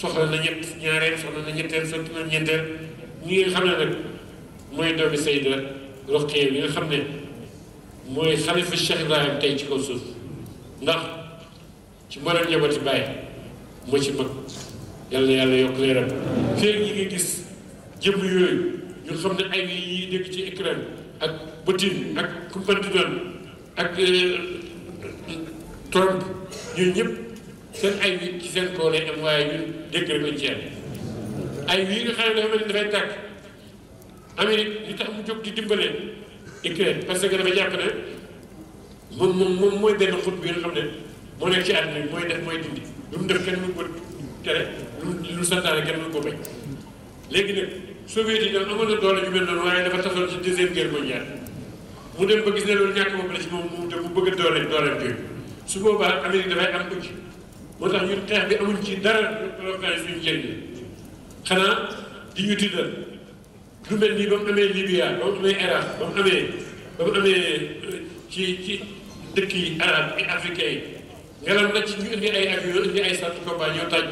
soxla na ñett ñaareel soxla na ñetteel soxla na ñeenteel ñi nga xam ne nag mooy doomi Sayda Roqee bi nga xam ne mooy xalifa Cheikh Ibrahim tey ci kaw suuf ndax ci mboolem njabooti Baay moo ci mag yàlla yàlla yokk leeram fii ñi ngi gis jëmm yooyu ñu xam ne ay yi dégg ci écran ak bëtin ak kumpanti ak euh, Trump ñooñu ñëpp sen ay nit ci sen am waaye ñun ay ne dafa dafay Amérique li tax mu jóg di Ukraine parce que dama jàpp ne moom moom moom mooy xut bi nga xam ne moo ci àdduna bi def mooy dindi lu def kenn ko tere lu de kenn ko bañ léegi nag soviet yi doole ñu mel noonu waaye dafa ci deuxième guerre mondiale mu dem ba gis ne la bëgg doole moo tax ñun xeex bi amul ci dara ñu provoqué suñu njëriñ xanaa di ñu tiital lu mel nii ba mu amee Libya ba mu amee Irak ba mu amee ba mu amee euh, ci ci dëkk yi arab yi africain yi ngelaw na ci ñu indi ay avion indi ay sàtt combat ñoo tàj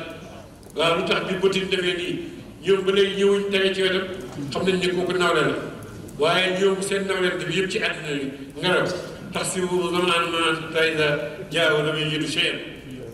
waaw lu tax bi Poutine defee nii ñoom ba léegi ñëwuñ tege ci wetam xam nañ ne kooku nawle la waaye ñoom seen nawleen bi yëpp ci àddina bi ngelaw tax si wu zaman man tey da jaaw damay yëdu cher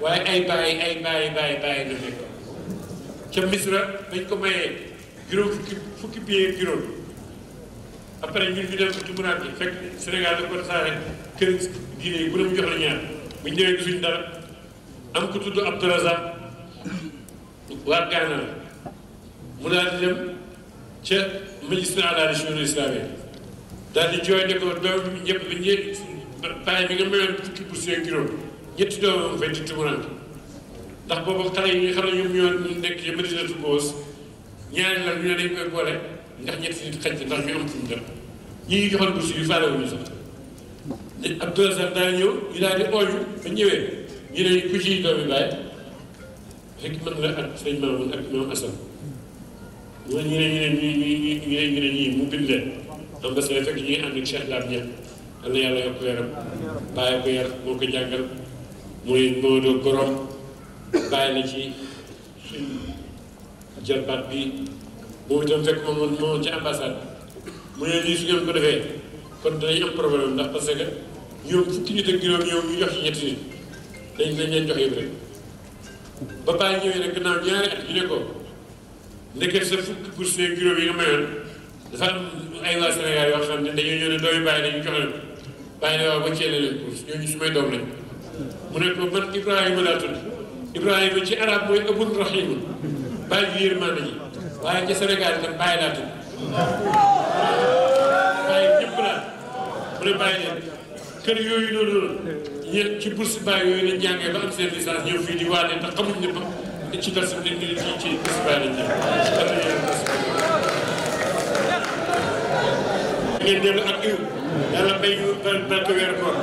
Wa ay bay ay bay bay bay la nekk ca Misra dañ ko mayee juróom fukki fukki billet juróom après ñun bu dem jox la ñaar bu ñu ñëwee gisuñ dara am ku tudd Abdourazak waa Gaana la mu daal di dem ca magistrat à la région islamée daal di jooy ne ñetti doomam am fay di ndax boobu xale yi nga xam ne ñoom ñoo nekk ci médinatu boos ñaari la ñu ne dañ koy boole ndax ñetti nit xaj ndax ñu am fu ñu dem ñi ngi joxoon bourse yi faale wuñu sax dañ ab deux ans daal ñëw ñu daal di ooju ba ñëwee ñu ne ku ci doomi baay fekk mën nga ak sëñ Mamoun ak ñoom Assane ñu ne ñu ne ñu ne ñu ne ñu ne ñii mu bind leen am ba seen fekk ñu ngi ànd ak Cheikh Lab Niang am na yàlla yokk yaram bàyyi ko yar moo ko jàngal muy Modou Gorom bàyyi na ci suñ jarbaat bi moom itam fekk moom moom ci ambassade bi mu ne lii su ngeen ko defee kon danañ am problème ndax parce que ñoom fukki nit ak juróom ñoom ñu jox ci ñetti nit dañ dañ leen jox yëpp rek ba bàyyi ñëwee nag gannaaw ñaari at ñu ko ndeket sa fukki bourse juróom yi nga mayoon dafa ay waa Sénégal yoo xam ne dañoo ñëw ne doomi bàyyi dañu jox leen bàyyi ne waaw ba ceele leen bourse ñooñu su may doom lañ mu ne ko man Ibrahima laa tudd Ibrahima ci arab mooy abul rahiim bàyyi bi waaye ci Sénégal itam yooyu noonu noonu yéen ci bourse bàyyi yooyu lañ jàngee ba am seen licence ñëw fii di ndax xamuñ ñëpp ci dars bi lañ leen ci ci bourse bàyyi lañ jàng ngeen dellu ak yiw yàlla bay ñu barke weer koor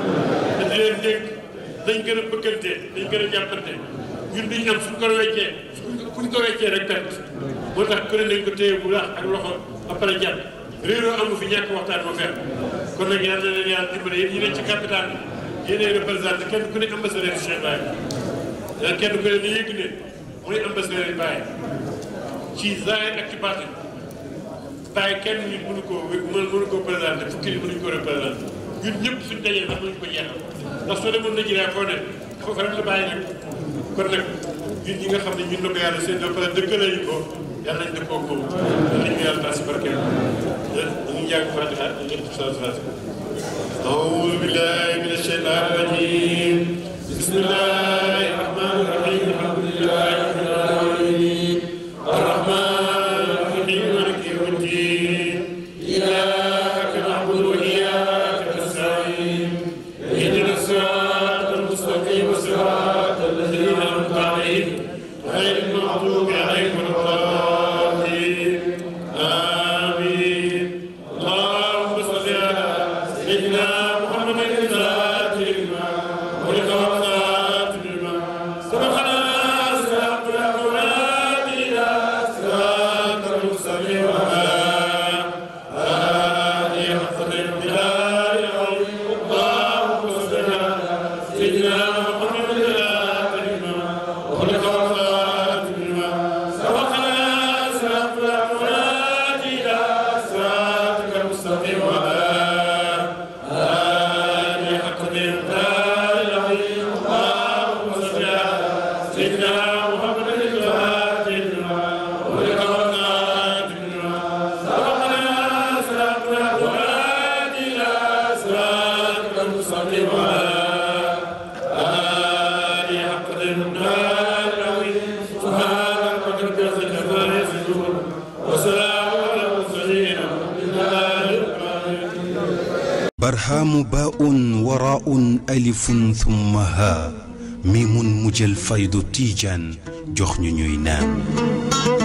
te di leen dañ gën a bëggante dañ gën a jàppante ñun duñ am suñ ko weccee kuñ ko weccee rek perte moo tax ku ne nañ ko téye bu laax ak loxo après jàpp kon nag yàlla na leen yàlla dimbale yéen ñi ci capital bi yéenay représenté kenn ku ne ambassadeur Cheikh kenn ku ne ni yëg ne mooy ambassadeur yi Baye ci zahir ak kenn nit mënu koo mënu koo ko représenté ñun ñëpp suñ dajee sax mënuñ ko jeexal ndax soo demoon na jëlee foo ne foofu rek la bàyyi nag kon nag ñun ñi nga xam ne ñun la ko yàlla seen ba pare dëkkale ñu ko yàlla nañ dëppoo ko yàlla nañ ko yàlla taas si barkeel ñu ngi jàng fatiha ñu ngi def salaatu fatiha أعوذ بالله من الشيطان الرجيم بسم الله الرحمن الرحيم الحمد لله رب العالمين alifun thumma ha mi mun mujjal faydu tiijaan jox ñu ñuy naan